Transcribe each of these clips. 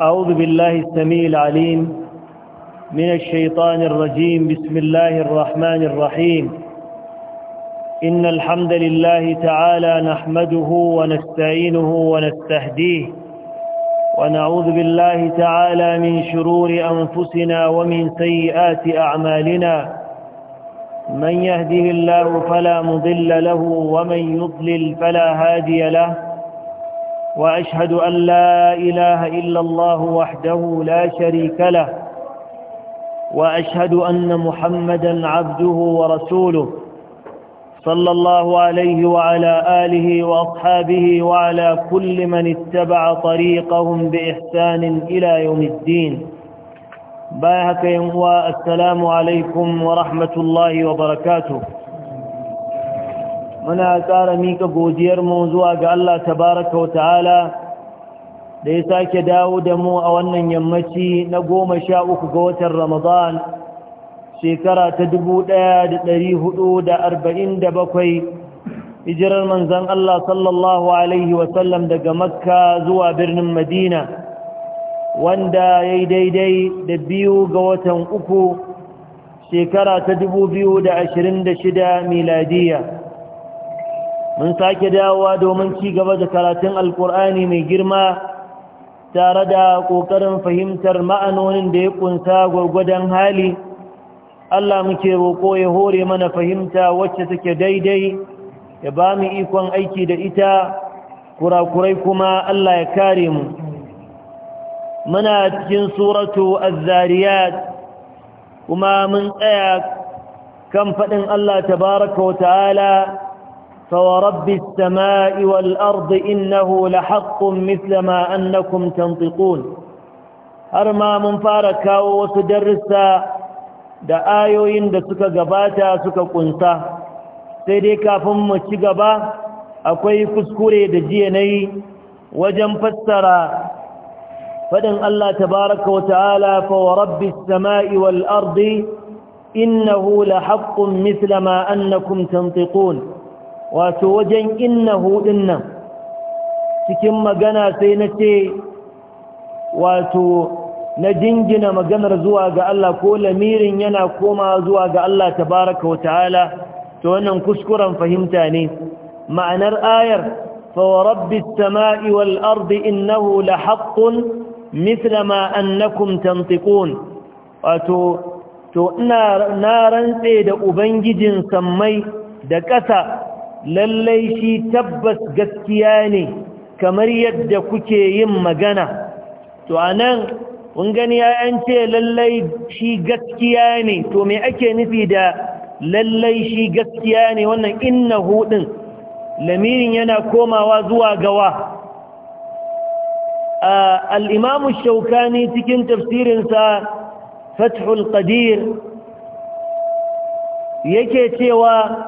أعوذ بالله السميع العليم من الشيطان الرجيم بسم الله الرحمن الرحيم إن الحمد لله تعالى نحمده ونستعينه ونستهديه ونعوذ بالله تعالى من شرور أنفسنا ومن سيئات أعمالنا من يهده الله فلا مضل له ومن يضلل فلا هادي له وأشهد أن لا إله إلا الله وحده لا شريك له وأشهد أن محمدا عبده ورسوله صلى الله عليه وعلى آله وأصحابه وعلى كل من اتبع طريقهم بإحسان إلى يوم الدين باهك ينوى السلام عليكم ورحمة الله وبركاته muna ƙara mika godiyarmu zuwa ga Allah tabaraka ta'ala da ya sake dawo da mu a wannan yammaci na goma sha uku ga watan Ramadan shekara ta dubu ɗaya da dari hudu da arba'in da bakwai hijirar manzan Allah sallallahu Alaihi wasallam daga Makka zuwa birnin Madina wanda ya yi daidai da biyu ga watan uku shekara ta dubu biyu da ashirin da shida miladiya mun sake dawowa domin ci gaba da karatun alkur'ani mai girma tare da ƙoƙarin fahimtar ma'anonin da ya kunsa gwargwadon hali Allah muke roƙo ya hore mana fahimta wacce take daidai ya ba mu ikon aiki da ita kurakurai kuma Allah ya kare mu muna cikin suratu azzariyat kuma mun tsaya kan faɗin Allah tabaraka wa ta'ala فورب السماء والأرض إنه لحق مثل ما أنكم تنطقون أرما من فاركا da ayoyin da suka gabata suka kunsa sai dai kafin mu ci gaba akwai kuskure da jiya nayi wajen fassara faɗin Allah tabaraka wa ta'ala fa wa samai wal ardi innahu la haqqun mithla ma annakum tantiqun wato wajen innahu nan cikin magana sai na ce wato na jingina maganar zuwa ga Allah ko lamirin yana koma zuwa ga Allah tabaraka wa ta'ala to wannan kuskuren fahimta ne ma'anar ayar fa sama'i wal ardi innahu la haqqun mithla ma annakum tantiqun wato to ina na rantse da ubangijin sammai da ƙasa lallai shi tabbas gaskiya ne kamar yadda kuke yin magana to anan kun gani yayan ce lallai shi gaskiya ne to me ake nufi da lallai shi gaskiya ne wannan Inna din lamirin yana komawa zuwa gawa al'imamu shaukani cikin tafsirinsa fathul qadir yake cewa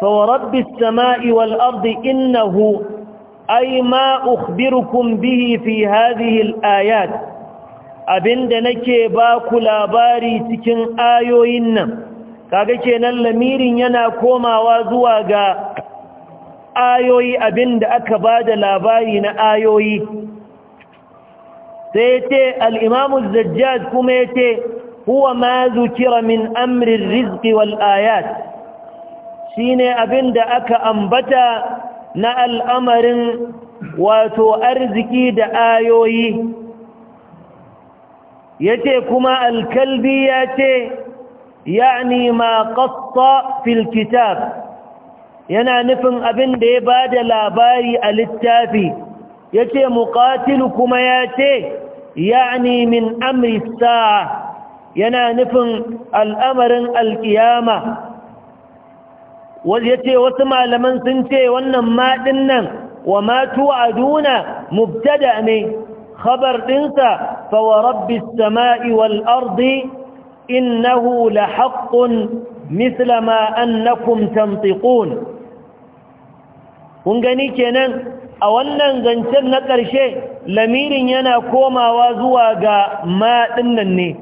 فورب السماء والأرض إنه أي ما أخبركم به في هذه الآيات abinda nake ba ku labari cikin ayoyin nan kaga kenan lamirin yana komawa zuwa ga ayoyi abinda aka ba da labari na ayoyi sai ce al'imamu zajjaj kuma ya ce huwa ma zukira min amrin rizki wal ayat shine abin da aka ambata na al'amarin wato arziki da ayoyi yace kuma alkalbi yace yani ma qatta fil kitab yana nufin abin da ya ba da labari a littafi yace muqatil kuma yace yani min amri yana nufin al'amarin alkiyama wasu ya ce wasu malaman sun ce wannan maɗin nan wa matu a duna mubtada ne khabar ɗinsa fawa rabbi sama'i wal ardi innahu la haƙƙun mislama annakum tantiqun kun gani kenan a wannan zancen na ƙarshe lamirin yana komawa zuwa ga maɗin nan ne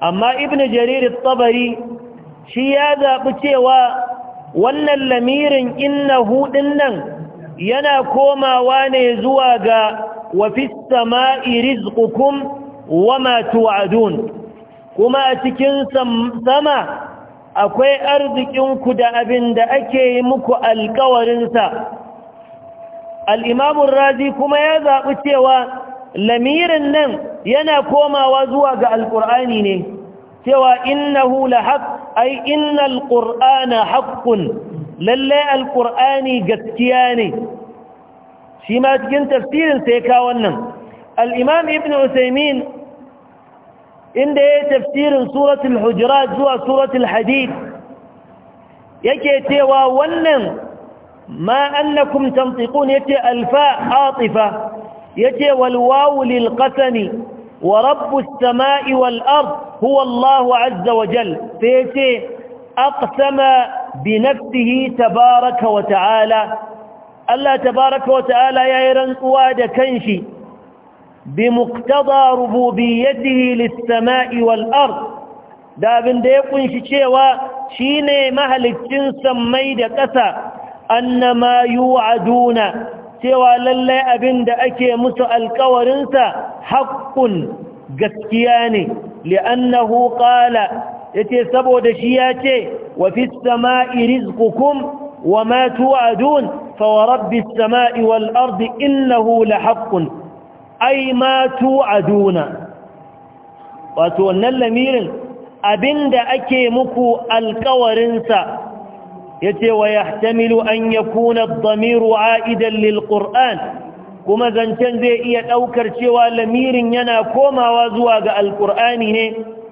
amma ibn jarir tabari shi ya zaɓi cewa wannan lamirin innahu dinnan yana komawa ne zuwa ga wa sama'i rizqukum wama tu'adun kuma a cikin sama akwai arzikinku da abin da ake yi muku alkawarinsa al'imamun razi kuma ya zaɓi cewa lamirin nan yana komawa zuwa ga alƙur'ani ne cewa innahu lahaq ay innal qur'ana haqqun lalle alqur'ani gaskiya ne shi ma cikin tafsirin sai ka wannan al-imam ibnu usaymin inda yake tafsirin suratul hujurat zuwa suratul hadid yake cewa wannan ma annakum tantiqun yace alfa atifa yace wal wawu lil qasami wa rabbus samai wal ardh هو الله عز وجل فيتي أقسم tabaraka تبارك وتعالى الله تبارك وتعالى يعيرن قواد كنشي بمقتضى ربوبيته للسماء والأرض da abin da ya kunshi cewa shi ne mahalicin sammai da ƙasa annama yu'aduna cewa lallai abin da ake musu alƙawarinsa haƙƙun gaskiya ne li'annahu qala yace saboda shi yace wa fis samai rizqukum wa ma tu'adun fa rabbis samai wal ardi innahu lahaqqun ay ma tu'aduna wato wannan lamirin abinda ake muku alƙawarin sa yace wa yahtamilu an yakuna ad-damiru a'idan lil qur'an kuma zancen zai iya ɗaukar cewa lamirin yana komawa zuwa ga alƙur'ani ne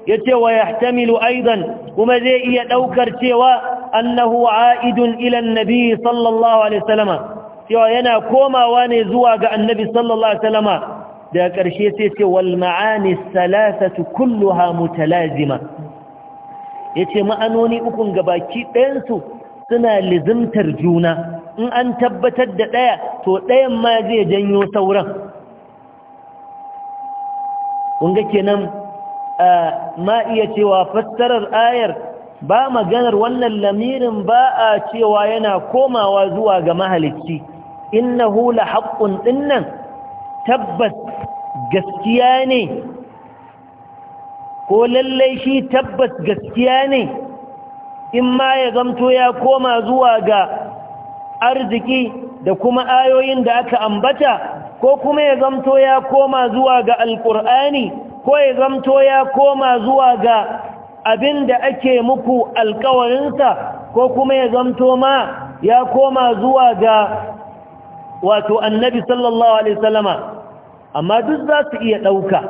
ya ce wa ya tamilu aidan kuma zai iya ɗaukar cewa annahu a'idun ilan nabi sallallahu alaihi salama cewa yana komawa ne zuwa ga annabi sallallahu alaihi salama da ƙarshe sai ce wal ma'ani salasatu kulluha mutalazima yace ma'anoni ukun gabaki ɗayansu suna lizimtar juna in an tabbatar da ɗaya to ɗayan ma zai janyo sauran kunga kenan ma iya cewa fassarar ayar ba maganar wannan lamirin ba a cewa yana komawa zuwa ga mahalicci innahu haƙƙun haqqun dinnan tabbas gaskiya ne ko lallai shi tabbas gaskiya ne in ma ya gamto ya koma zuwa ga arziki da kuma ayoyin da aka ambata ko kuma ya zamto ya koma zuwa ga alkur'ani ko ya zamto ya koma zuwa ga abin da ake muku alkawarinsa ko kuma ya zamto ma ya koma zuwa ga wato annabi sallallahu alaihi wasallama amma duk za su iya ɗauka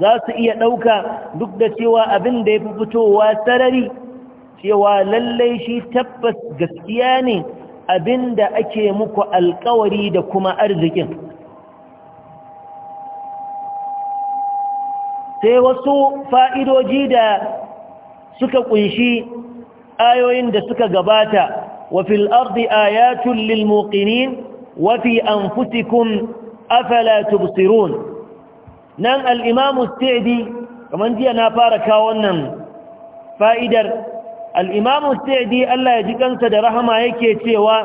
za su iya ɗauka duk da cewa abin da ya fi fitowa sarari cewa lallai shi tabbas gaskiya ne abinda ake muku alkawari da kuma arzikin sai wasu fa'idoji da suka kunshi ayoyin da suka gabata wa fil ardi ayatul lil wafi an fi anfusikum afala nan al-imam as jiya na fara kawo wannan fa'idar al'imamu sa'adi Allah ya ji kansa da rahama yake cewa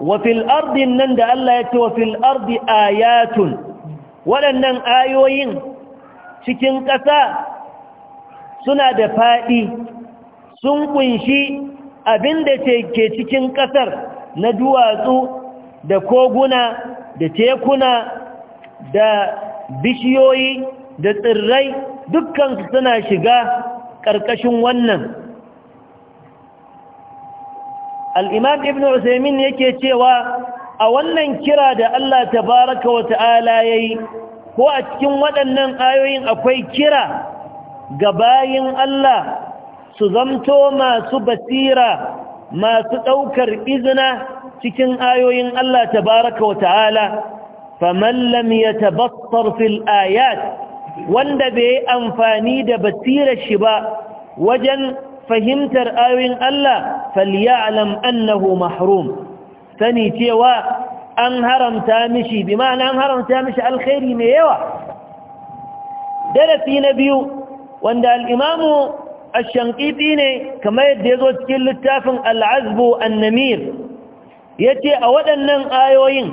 wafil ardin nan da Allah ya ce wafil ardi ayatun waɗannan ayoyin cikin ƙasa suna da faɗi sun ƙunshi abin da ke cikin ƙasar na duwatsu da koguna da tekuna da bishiyoyi da tsirrai dukkan suna shiga ƙarƙashin wannan al'imam ibn usaimin yake cewa a wannan kira da Allah tabaraka wa ta'ala ya yi ko a cikin waɗannan ayoyin akwai kira ga bayin Allah su zamto masu basira masu ɗaukar izina cikin ayoyin Allah tabaraka wa ta'ala ya lam yatabassar fil ayat wanda bai yi amfani da basirar shi ba wajen fahimtar ayoyin Allah falyalam annahu mahrum sani cewa an haramta mishi bi ma'ana an haramta mishi alkhairi mai yawa darasi na biyu wanda al'imamu imamu ash ne kamar yadda yazo cikin littafin al annamir ya ce yace a waɗannan ayoyin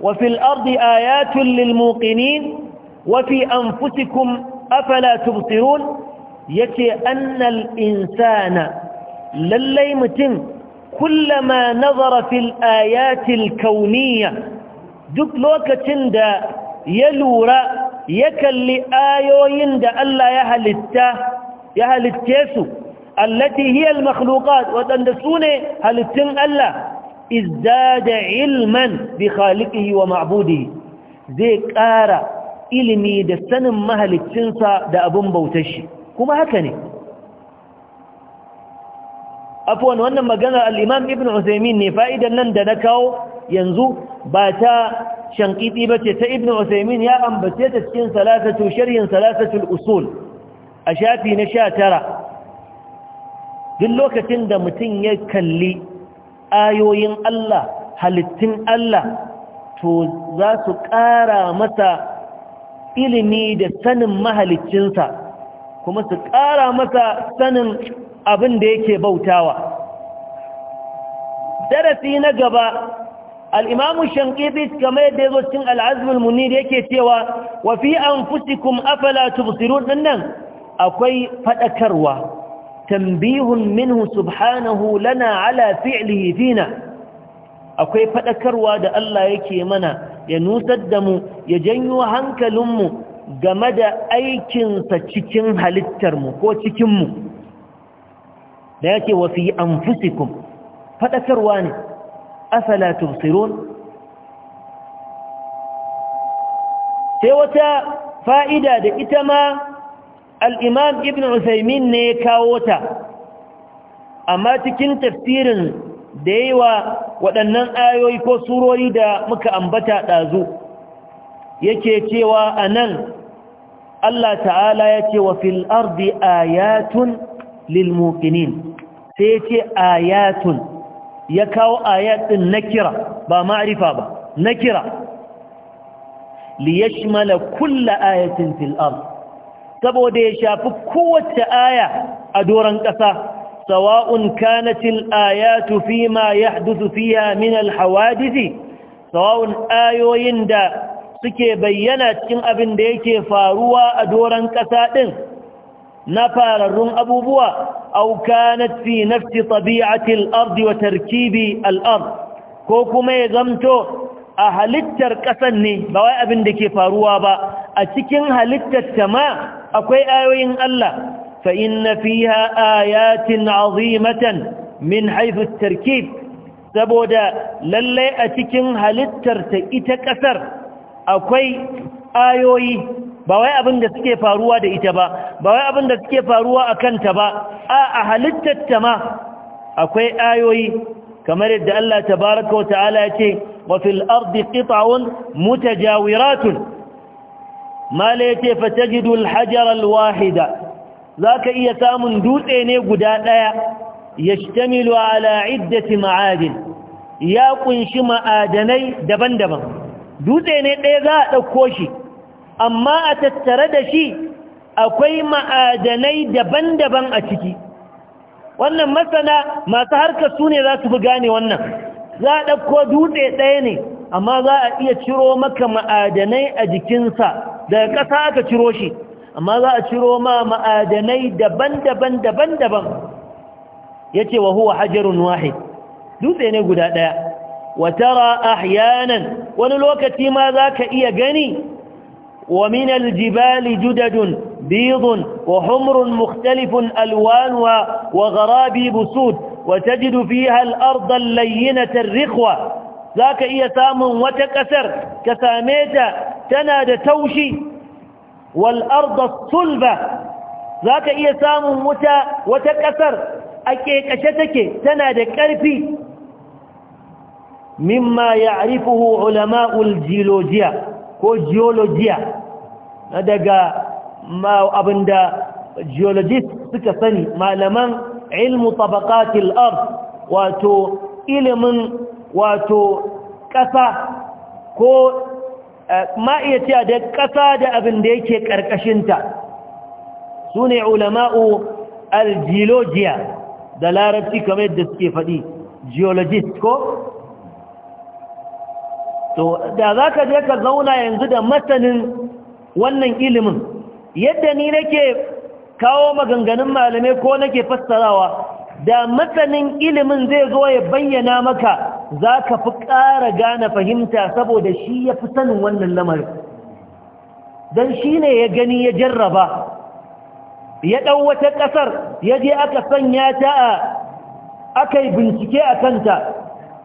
wa fil ardi ayatun lil muqinin wafi an fusikun afala tubsirun ya annal insana lallai mutum kullama nazara fil ayatil kauniya duk lokacin da ya lura ya kalli ayoyin da Allah ya halitta ya halitte su allati hiya al-makhluqat wadanda sune halittun Allah izdada ilman bi khaliqihi wa ma'budihi zai ƙara ilimi da sanin mahalicinsa da abin bautar shi kuma haka ne afuwan wannan maganar al'imam ibn usaimin ne fa'idan nan da na kawo yanzu ba ta shankiti ba ce ta ibn usaimin ya ambace ta cikin salatatu sharhin salasatul usul a shafi na sha tara duk lokacin da mutum ya kalli ayoyin Allah halittun Allah to za su ƙara masa ilimi da sanin mahaliccinsa kuma su ƙara masa sanin abin da yake bautawa darasi na gaba al'imamu shankibis game da ya zo cikin al'azmul munir yake cewa wafi an fusikum afala tubsirun dinnan akwai faɗakarwa tambihun minhu subhanahu lana ala fi'lihi fina akwai faɗakarwa da Allah yake mana ya nusar da mu ya janyo hankalinmu game da aikinsa cikin halittarmu ko cikinmu da yake wafi an fusikun faɗakarwa ne asala tursirun sai wata fa'ida da ita ma al'imam ibn usaimin ne ya kawo ta amma cikin tafsirin da yi waɗannan ayoyi ko surori da muka ambata ɗazu yake cewa a nan Allah ta'ala ya ce wa fil ardi ayatun lil muqinin sai yace ayatun ya kawo ayatun nakira ba ma'rifa ba nakira li yashmala kull ayatin fil ard saboda ya shafi kowace aya a doran ƙasa سواء كانت الآيات فيما يحدث فيها من الحوادث سواء آيوين دا سكي بيّنات كن أبن ديكي فاروا أدورا كسادن نفار الرم أبو بوا أو كانت في نفس طبيعة الأرض وتركيب الأرض كوكما يغمتو أهلتر كسني بواء أبن ديكي فاروا با أتكن هلتر كما أكوي آيوين الله فإن فيها آيات عظيمة من حيث التركيب سبودا للي أتكن هل الترت إتكسر أكوي آيوي bawai abin da suke faruwa da ita ba bawai abin da suke faruwa a kanta ba a halittarta ma akwai ayoyi kamar yadda Allah tabaraka wata'ala ta'ala wa fil ardi qit'un mutajawiratun mala yace fatajidu al-hajara al-wahida za ka iya samun dutse ne guda ɗaya ya shtamilu ala iddati ma'adin ya ƙunshi ma'adanai daban-daban dutse ne ɗaya za a ɗauko shi amma a tattare da shi akwai ma'adanai daban-daban a ciki wannan masana masu harkar su ne za su fi gane wannan za a ɗauko dutse ɗaya ne amma za a iya ciro maka ma'adanai a jikinsa daga ƙasa aka ciro shi amma za a ciro ma ma'adanai daban-daban daban-daban yace wa huwa hajarun wahid dutse ne guda ɗaya watara ahyanan wani lokaci ma zaka iya gani wa min aljibali judadun bidun wa humrun mukhtalifun alwanwa wa gharabi busud wa tajidu fiha al-ardh al-layyinata ar-rikhwa zaka iya samun wata kasar ka same ta tana da taushi wal arda sulba zaka iya samun wuta wata kasar ake kekashe take tana da karfi mimma ya'rifuhu ulama'ul geologiya ko geologiya daga ma abinda geologist suka sani malaman ilmu tabaqatil ard wato ilimin wato kasa ko ma iya cewa da ƙasa da abin da yake ƙarƙashinta su ne ulama'u algeologiya da larabci kamar yadda suke faɗi geologist ko? to da za ka je ka zauna yanzu da masanin wannan ilimin yadda ni nake kawo maganganun malamai ko nake fassarawa da masanin ilimin zai zo ya bayyana maka za ka fi ƙara gane fahimta saboda shi ya fi sanin wannan lamarin don shi ne ya gani ya jarraba ya ɗau wata ƙasar ya je aka sanya ta a aka yi bincike a kanta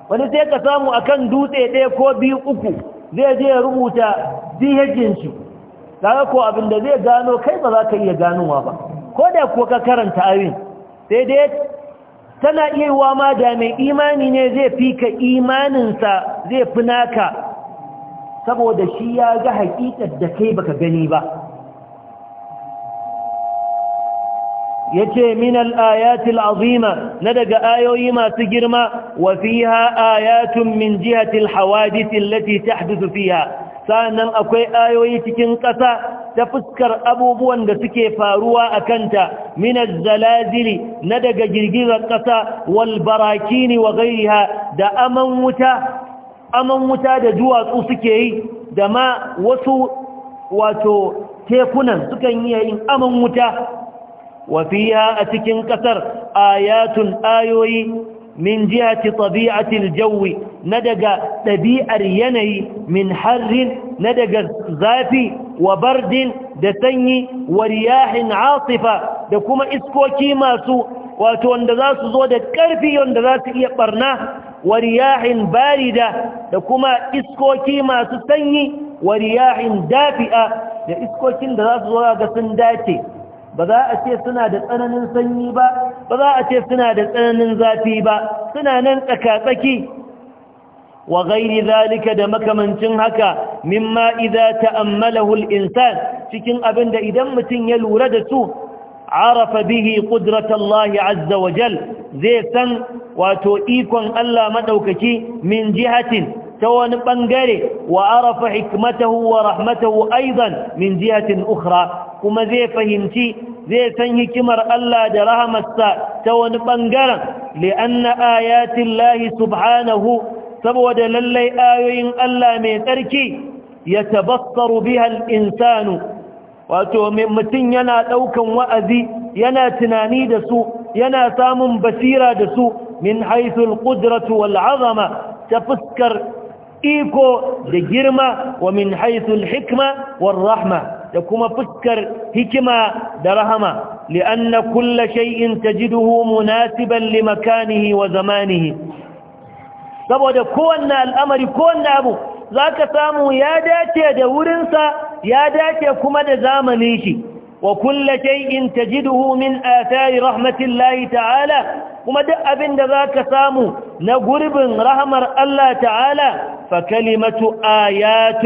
wani sai ka samu a kan dutse ɗaya ko biyu uku zai je ya rubuta dhn kaga ko abin da zai gano kai ba za ka iya ganowa ba ko da kuwa ka karanta abin sai dai tana iya yiwa ma da mai imani ne zai fi ka imaninsa zai fi naka saboda shi ya ga haƙiƙar da kai baka gani ba yace min al azima na daga ayoyi masu girma wa fiha ayatun min jihatil hawadith allati tahduthu fiha sa'annan akwai ayoyi cikin ƙasa ta fuskar abubuwan da suke faruwa a kanta minaz zalazili na daga girgizar ƙasa wal barakini wa gairiha da aman wuta aman wuta da duwatsu suke yi da ma wasu wato tekunan sukan yi yin aman wuta wa a cikin ƙasar ayatun ayoyi min jihati tabi'atil jawi na daga ɗabi'ar yanayi min harrin na daga zafi wa bardin da sanyi wa riyahin asifa da kuma iskoki masu wato wanda za su zo da ƙarfi wanda za su iya ɓarna wa riyahin barida da kuma iskoki masu sanyi wa riyahin dafi'a da iskokin da za su zo ga sun dace ba za a ce suna da tsananin sanyi ba ba za a ce suna da tsananin zafi ba suna nan tsakatsaki wa gairi zalika da makamancin haka mimma idza ta'ammalahu al-insan cikin abinda idan mutum ya lura da su arafa bihi qudratullahi azza wa zai san wato ikon Allah madaukaki min jihatin ta wani ɓangare wa arafa hikmatahu wa rahmatahu aizan min jihatin ukhra kuma zai fahimci zai san hikimar Allah da rahamarsa ta wani bangaren li'anna ayatin lahi subhanahu saboda lallai ayoyin Allah mai tsarki ya tabassaru bihal insanu wato mutum yana ɗaukan wa'azi yana tunani da su yana samun basira da su min haithul ƙudratu wal azama ta fuskar iko da girma wa min haithul hikma war rahma da kuma fuskar hikima da rahama li'anna kulla shay'in tajiduhu munasiban li makanihi wa zamanihi saboda kowanne al'amari kowanne abu zaka samu ya dace da wurinsa ya dace kuma da zamanin shi وكل شيء تجده من آثار رحمة الله تعالى وما دأبن ذاك سامو نقرب رحمة الله تعالى فكلمة آيات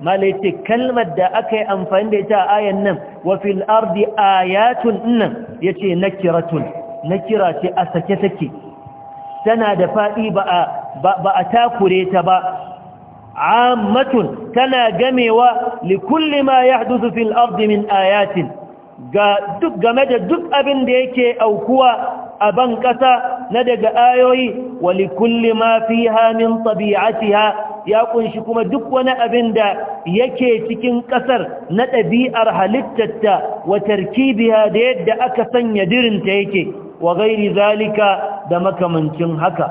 ما ليت كلمة دأك أنفان ديتا آية النم وفي الأرض آيات النم يتي نكرة نكرة أسكتك سنة دفائي بأ بأ بأ تاكريت بأ ammatun tana gamewa likulli ma yahduthu fil ardi min ayatin ga game da duk abin da yake aukuwa a ban ƙasa na daga ayoyi wa likulli ma fiha min tabi'atiha ya kunshi kuma duk wani abin da yake cikin ƙasar na ɗabi'ar halittarta wa tarkibiya da yadda aka sanya dirinta yake wa gairi da makamancin haka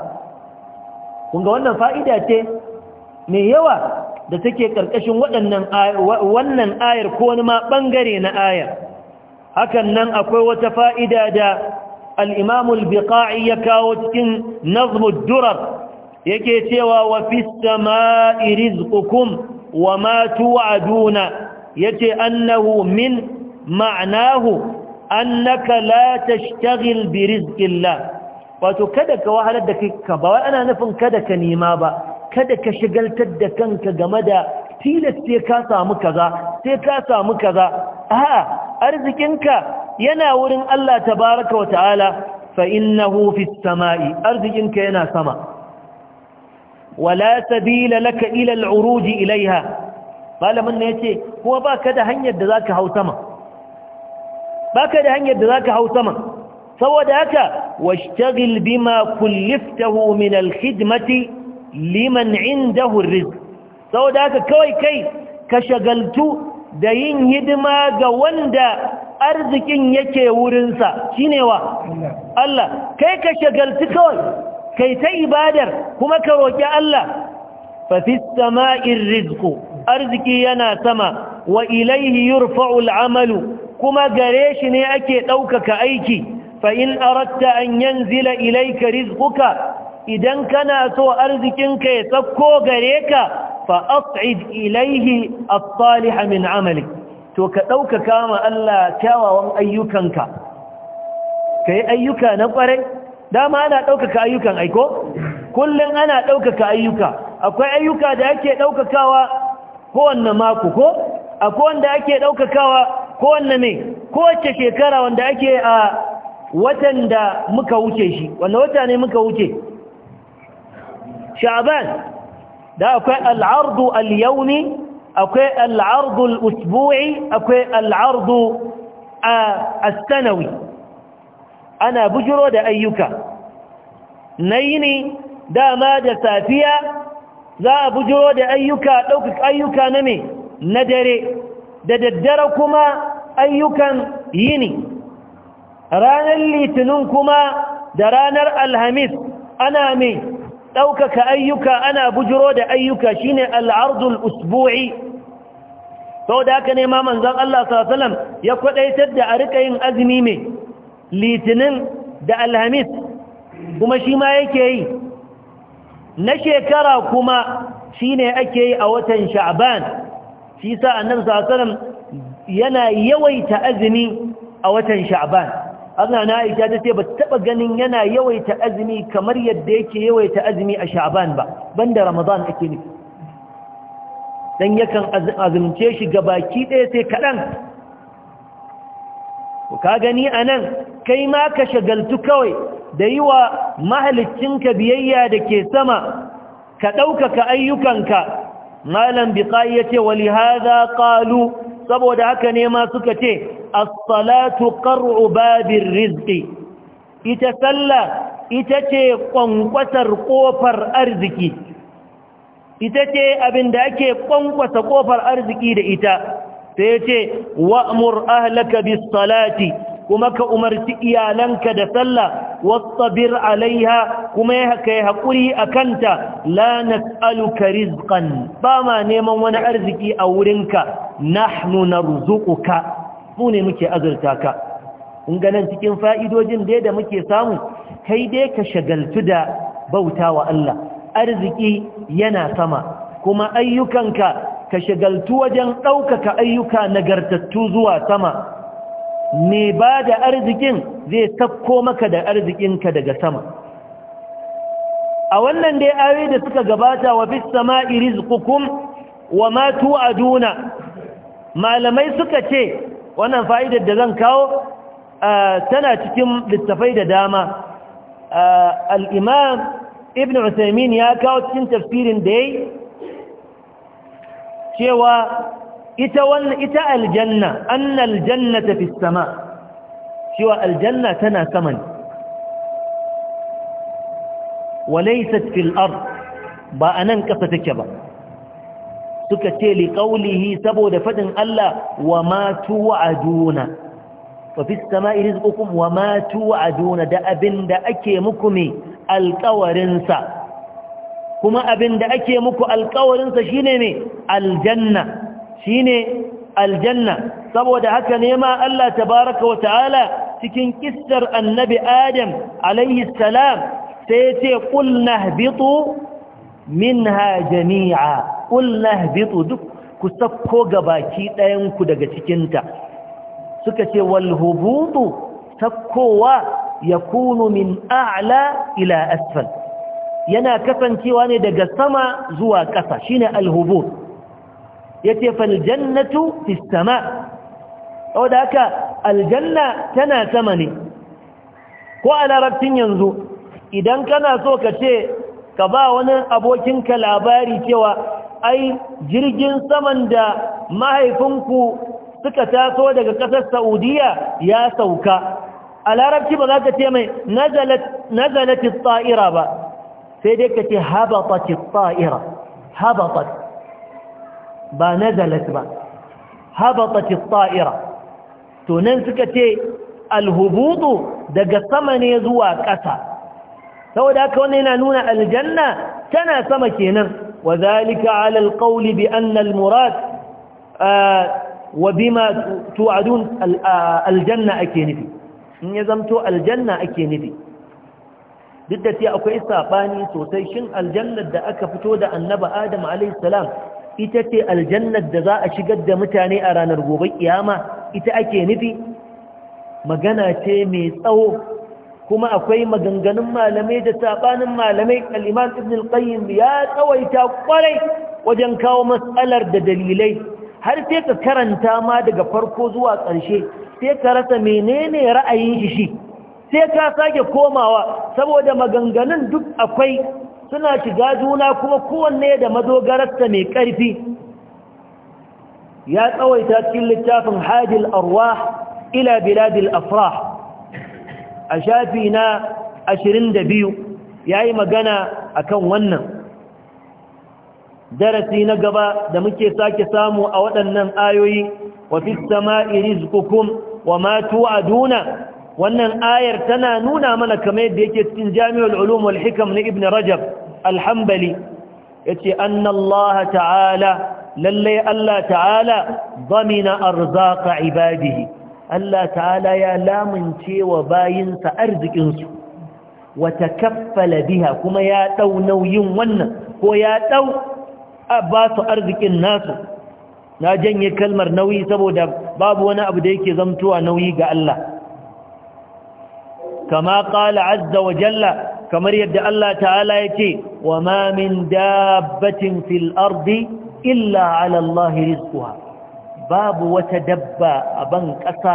kunga wannan fa'ida ce mai yawa da take ƙarƙashin wannan ayar ko wani ma ɓangare na ayar hakan nan akwai wata fa’ida da al’imamul biƙa’i ya kawo cikin nazmud durar yake cewa wa fista hukum wa matu wa aduna ya annahu min ma’anahu annaka la ta shagil birizkin la wato kada ka wahalar da ka ba ana nufin kada ka nema ba kada ka shigaltar da kanka game da tilas sai ka samu kaza sai ka samu kaza a arzikinka yana wurin Allah tabaraka wa ta'ala fa innahu fis sama'i arzikinka yana sama wala sabila laka ila al ilaiha malamin ne yace kuma baka da hanyar da zaka hau sama baka da hanyar da zaka hau sama saboda haka washtaghil bima kulliftahu min al-khidmati liman indahu rizq saboda haka kawai kai ka shagaltu da yin hidima ga wanda arzikin yake wurinsa shine wa Allah kai ka shagaltu kawai kai ta ibadar kuma ka roki Allah fa fis sama'ir rizqu arziki yana sama wa ilaihi yurfa'u al'amalu kuma gare shi ne ake ɗaukaka aiki fa in aratta an yanzila ilaika rizquka idan kana so arzikinka ya tsakko gare ka fa as'id ilaihi as-salih min amalik to ka dauka kama Allah kyawawan ayyukanka kai ayyuka na kware dama ana ɗaukaka ayyukan aiko kullum ana ɗaukaka ayyuka akwai ayyuka da ake ɗaukakawa kowanne mako ko akwai wanda ake ɗaukakawa kowanne ne kowace shekara wanda ake a watan da muka wuce shi wanda wata ne muka wuce sha'ban da akwai al'ardu al-yawmi akwai al'ardu al-usbu'i akwai al'ardu a sanawi ana bujiro da ayyuka nayi dama da safiya za a bujiro da ayyuka ɗaukaka ayyuka na me na dare da daddare kuma ayyukan yini ranar litinin kuma da ranar alhamis ana mai ɗaukaka ayyuka ana bujiro da ayyuka shine al'ardul usbu'i sau da haka nema manzan Allah sallam ya kwadaitar da a rika yin azumi mai litinin da alhamis kuma shi ma yake yi na shekara kuma shine ake yi a watan sha'ban shi sa annabi sallam yana yawaita azumi a watan sha'ban Allah na Aisha ta ce ba taba ganin yana yawaita azumi kamar yadda yake yawaita azumi a Sha'ban ba banda Ramadan ake nufi dan yakan azumce shi gabaki ɗaya sai kaɗan ka gani anan kai ma ka shagaltu kawai da yi wa mahalicinka biyayya da ke sama ka ɗaukaka ayyukanka malam biƙa ya ce wali haza ƙalu saboda haka ne ma suka ce as-salatu qar'u babir rizqi ita sallah ita ce kwankwatar kofar arziki ita ce abinda ake kwankwasa kofar arziki da ita sai ce wa'mur ahlaka bis salati kuma ka umarci iyalanka da sallah wasabir alaiha kuma kai haƙuri a kanta la nas'aluka rizqan Bama neman wani arziki a wurinka nahnu narzuquka mu ne muke azurta ka in ganin cikin fa'idojin da da muke samu kai dai ka shagaltu da bauta wa Allah arziki yana sama kuma ayyukanka ka shagaltu wajen ɗaukaka ayyuka nagartattu zuwa sama me ba da arzikin zai tafko maka da arzikinka daga sama a wannan dai ayoyi da suka gabata wa fis sama'i rizqukum wa ma tu'aduna malamai suka ce wannan fa'idar da zan kawo tana cikin littafai da dama al-imam ibn Uthaymeen ya kawo cikin tafsirin da yayi cewa ita ita aljanna annal jannata fis sama cewa aljanna tana saman walaysat fil ard ba anan kasa take ba suka ce li qawlihi saboda fadin Allah wa ma tu'aduna wa fis sama'i rizqukum wa ma tu'aduna da abinda ake muku me alƙawarin sa kuma abinda ake muku alƙawarin sa shine ne aljanna shine aljanna saboda haka nema Allah tabaraka wa ta'ala cikin kissar annabi Adam alaihi salam sai ce qulna habitu minha jami'a qulna habitu duk ku sakko gabaki baki ku daga cikinta suka ce wal hubutu ya yakunu min a'la ila asfal yana kasancewa ne daga sama zuwa ƙasa shine al yace fal jannatu fis sama o da haka aljanna tana sama ne ko a larabcin yanzu idan kana so ka ce ka ba wani abokinka labari cewa ai jirgin saman da mahaifinku suka taso daga ƙasar saudiya ya sauka a larabci ba za ka ce mai nazalati ta'ira ba sai dai ka ce habatati ta'ira habatat با نزلت با هبطت الطائرة تننسك تي الهبوط دق الثمن يزوى كسا سوى داك وننا نونا الجنة تنا سمكينا وذلك على القول بأن المراد آه، وبما توعدون آه، الجنة أكينفي إن يزمتوا الجنة أكينفي ضد تي أكو إسا باني سوتيشن الجنة دا أكفتو دا النبى آدم عليه السلام ita ce aljannar da za a shigar da mutane a ranar gobe kiyama ita ake nufi magana ce mai tsawo kuma akwai maganganun malamai da sabanin malamai al-Imam Ibn al-Qayyim ya tsawaita kwarai wajen kawo matsalar da dalilai har sai ka karanta ma daga farko zuwa ƙarshe sai ka rasa menene ra'ayin shi sai ka sake komawa saboda maganganun duk akwai suna shiga juna kuma kowanne da madogararsa mai ƙarfi ya tsawaita cikin littafin hadil arwa ila biladil Afra. a shafi na 22 ya yi magana akan wannan darasi na gaba da muke sake samu a waɗannan ayoyi wa fi sama'i rizqukum wa a tu'aduna wannan ayar tana nuna mana kamar yadda yake cikin Jami'ul Ulum Hikam na Ibn Rajab alhambali ya ce annallaha ta'ala lallai Allah ta'ala zamina arzaka ibadihi Allah ta'ala ya lamunce wa bayinsa arzikinsu wata kaffala biha kuma ya ɗau nauyin wannan ko ya ɗau ba su arzikin nasu na janye kalmar nauyi saboda babu wani abu da yake zamtuwa nauyi ga Allah kama ƙala azza wa jalla kamar yadda Allah ta'ala ya ce wa ma min dabbatin fil ardi illa ala Allah rizquha babu wata dabba a ban ƙasa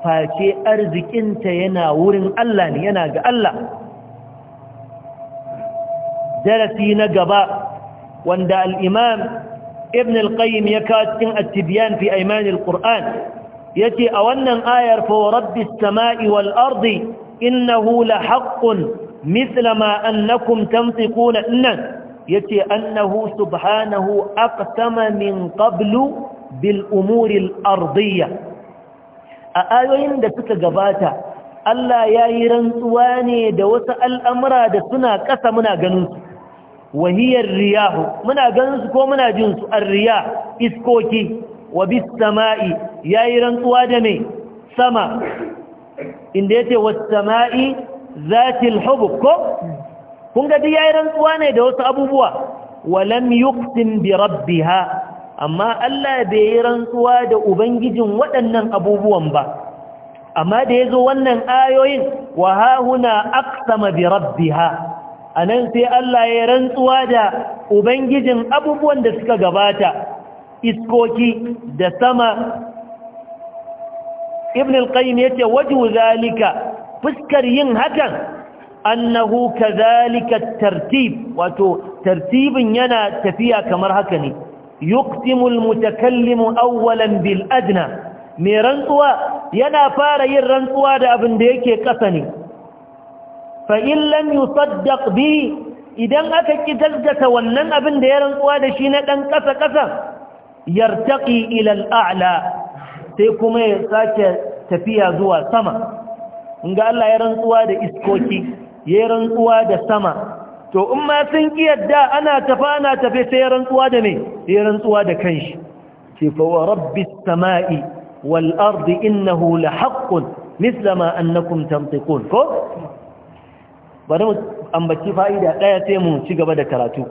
face arzikinta yana wurin Allah ne yana ga Allah darasi na gaba wanda al-imam ibn al-qayyim ya kawo cikin at-tibyan fi ayman al-qur'an yace a wannan ayar fa rabbis samai wal ardi innahu la haqqun mislama annakum tamsikuna innan yace annahu subhanahu aqsama min qablu bil umuril al ardiyya a ayoyin da suka gabata Allah yayi rantsuwa ne da wasu al'amura da suna ƙasa muna ganin su wahiyar riyahu muna ganin su ko muna jin su ar-riyah iskoki wa bis sama'i yayi rantsuwa da me sama inda yace was sama'i zatil hubub ko kun ga duk yayin rantsuwa ne da wasu abubuwa walam yuqsim bi rabbiha amma Allah bai yi rantsuwa da ubangijin waɗannan abubuwan ba amma da yazo wannan ayoyin wa hahuna aqsama bi rabbiha anan sai Allah ya rantsuwa da ubangijin abubuwan da suka gabata iskoki da sama ibn al-qayyim yace wajhu zalika fuskar yin hakan annahu kazalika tartib wato tartibin yana tafiya kamar haka ne yuktimul mutakallimu awwalan bil adna mai rantsuwa yana fara yin rantsuwa da abin da yake kasa ne fa in lam yusaddaq bi idan aka kitalta wannan abin da ya rantsuwa da shi na dan kasa kasa yartaqi ila al a'la sai kuma ya sake tafiya zuwa sama in ga Allah ya rantsuwa da iskoki ya rantsuwa da sama to in ma sun ki yadda ana tafa ana tafe sai ya rantsuwa da me ya rantsuwa da kanshi ce fa wa rabbis sama'i wal ardi innahu la haqqun misla ma annakum tantiqun ko bari mu ambaci fa'ida daya sai mu ci gaba da karatu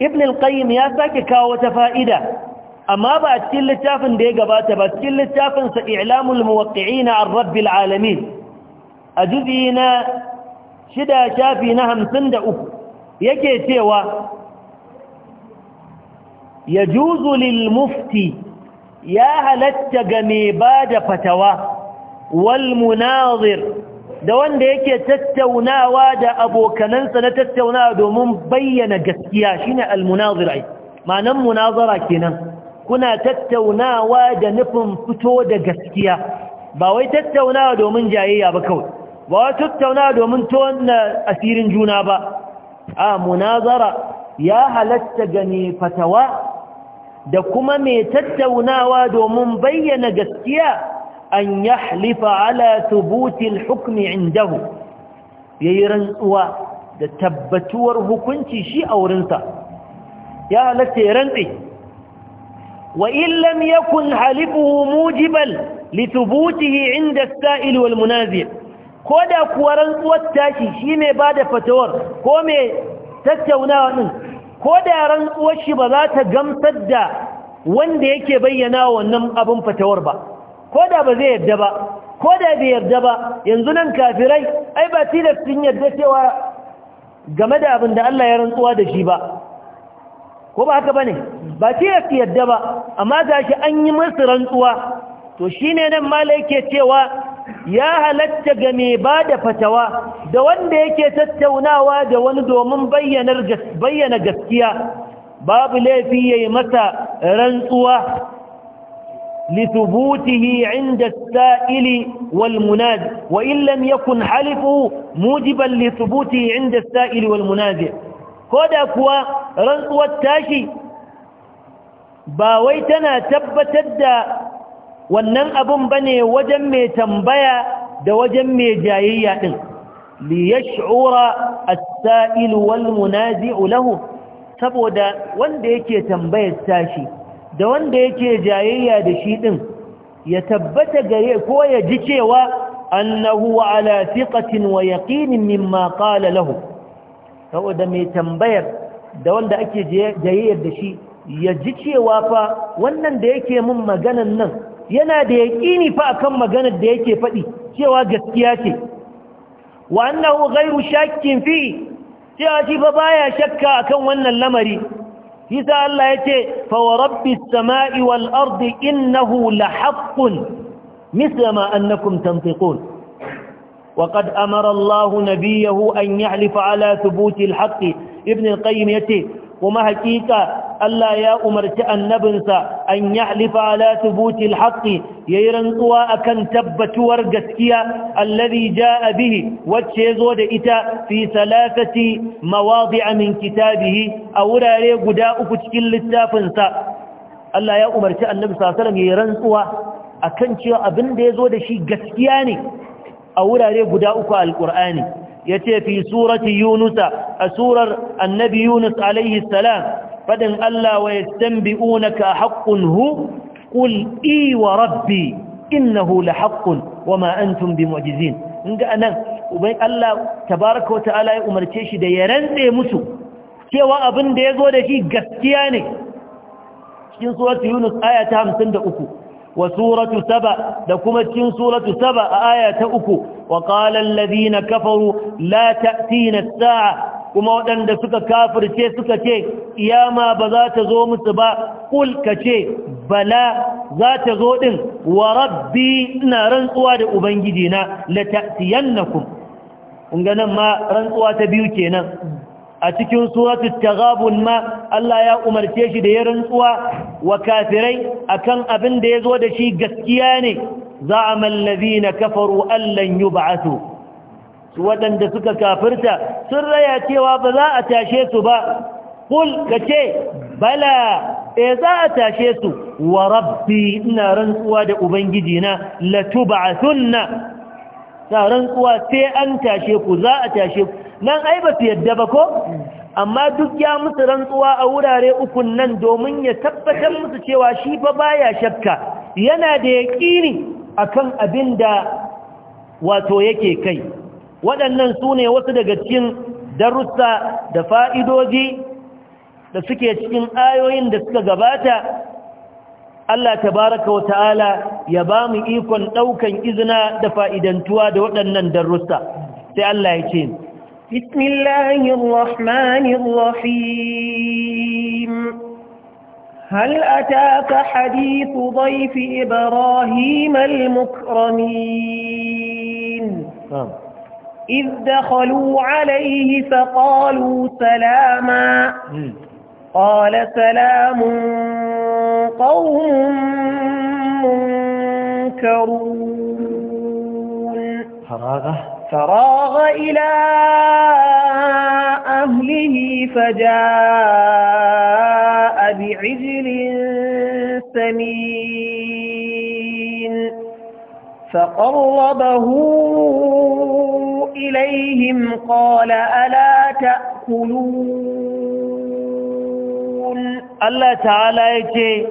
ibn al-qayyim ya sake kawo wata fa'ida amma ba cikin littafin da ya gabata ba cikin littafin sa i'lamul muwaqqi'in an rabbil alamin a juz'i na shida shafi na 53 yake cewa yajuzu lil mufti ya halatta ga mai bada fatawa wal munazir da wanda yake tattaunawa da abokanansa na tattaunawa domin bayyana gaskiya shine al munazir ai ma'anan munazara kenan kuna tattaunawa da nufin fito da gaskiya ba wai tattaunawa domin jayayya ba kawai ba wai tattaunawa domin tona asirin juna ba a munazara ya halatta ga mai fatawa da kuma mai tattaunawa domin bayyana gaskiya an ya halifa ala tubutil hukmi indahu ya yi rantsuwa da tabbatuwar hukunci shi a wurinsa ya halatta ya rantsi وإن لم يكن حلفه موجبا لثبوته عند السائل والمنازع كودا كوران واتاشي شي مي بادا فتور كو مي تتاوناوا دين كودا ران وشي با ذاتا غمسر دا wanda yake bayyana wannan abin fatawar ba koda ba ba koda bai yarda ba yanzu nan kafirai ai ba tilas sun yarda cewa game da abin da Allah ya rantsuwa da shi ba ko ba haka bane ba ce ya yadda ba amma shi an yi musu rantsuwa to shine nan malai cewa ya halatta ga mai ba da fatawa da wanda yake tattaunawa da wani domin bayyana gaskiya babu laifi ya yi masa rantsuwa لثبوته عند السائل والمناد وإن لم يكن halifu موجبا لثبوته inda السائل والمناد ko da kuwa rantsuwar tashi ba wai tana tabbatar da wannan ba bane wajen mai tambaya da wajen mai jayayya din li yash'ura as-sa'il wal lahu saboda wanda yake tambayar tashi da wanda yake jayayya da shi din ya tabbata gare ko ya ji cewa annahu ala thiqatin wa yaqinin mimma qala lahu saboda mai tambayar da wanda ake jayayyar da shi ya ji cewa fa wannan da yake min maganan nan yana da yaƙini fa akan maganar da yake faɗi cewa gaskiya ce wa annahu ghairu shakkin fi cewa shi fa baya shakka akan wannan lamari yasa Allah yace fa wa Rabbi samai wal ardi innahu la haqqun misla ma annakum tantiqun وقد أمر الله نبيه أن يحلف على ثبوت الحق ابن القيم يتي وما حقيقة ألا يا أمرت النبنس أن يحلف على ثبوت الحق يرنقوا أكن تبت ورقسكيا الذي جاء به واتشيزود إتا في ثلاثة مواضع من كتابه أولا ليقداء كتكل التافنس ألا يا أمرت النبي صلى الله عليه وسلم يرنقوا أكن شيء أبن ديزود شيء قسكياني a wurare guda uku alkur'ani ya ce fi surati yunusa a surar annabi yunus alaihi salam faɗin allah wa ya unaka haƙƙun hu ƙul i rabbi innahu la haƙƙun wa ma bi mu'jizin in ga anan ubai allah tabaraka wa ta'ala ya umarce shi da ya rantse musu cewa abin da ya zo da shi gaskiya ne cikin surati yunus aya ta hamsin uku? wa suratu saba da kuma cikin suratu saba a aya ta uku wa na alladhina kafaru la ta'tina saa kuma waɗanda suka kafirce suka ce iyama ba za ta zo musu ba kul ka ce bala za ta zo ɗin wa rabbi ina rantsuwa da ubangiji na la ta'tiyannakum kun ma rantsuwa ta biyu kenan a cikin suratu taghabun ma Allah ya umarce shi da ya rantsuwa wa kafirai akan abin da yazo da shi gaskiya ne za'ama allazina kafaru allan yub'athu su wadanda suka kafirta sun raya cewa ba za a tashe su ba kul kace bala e za a tashe su wa rabbi ina rantsuwa da ubangiji na latub'athunna sa rantsuwa sai an tashe ku za a tashe ku nan ai ba su yadda ba ko amma duk ya musu rantsuwa a wurare ukun nan domin ya tabbatar musu cewa shi fa baya shakka yana da yaƙini akan abin da wato yake kai waɗannan su ne wasu daga cikin darussa da fa'idoji da suke cikin ayoyin da suka gabata Allah tabaraka wa ta'ala ya ba mu ikon ɗaukan izina da fa'idantuwa da waɗannan darussa sai Allah ya ce بسم الله الرحمن الرحيم هل أتاك حديث ضيف إبراهيم المكرمين نعم. إذ دخلوا عليه فقالوا سلاما قال سلام قوم منكرون فراغ إلى أهله فجاء بعجل سمين فقربه إليهم قال ألا تأكلون ألا تعالى يتي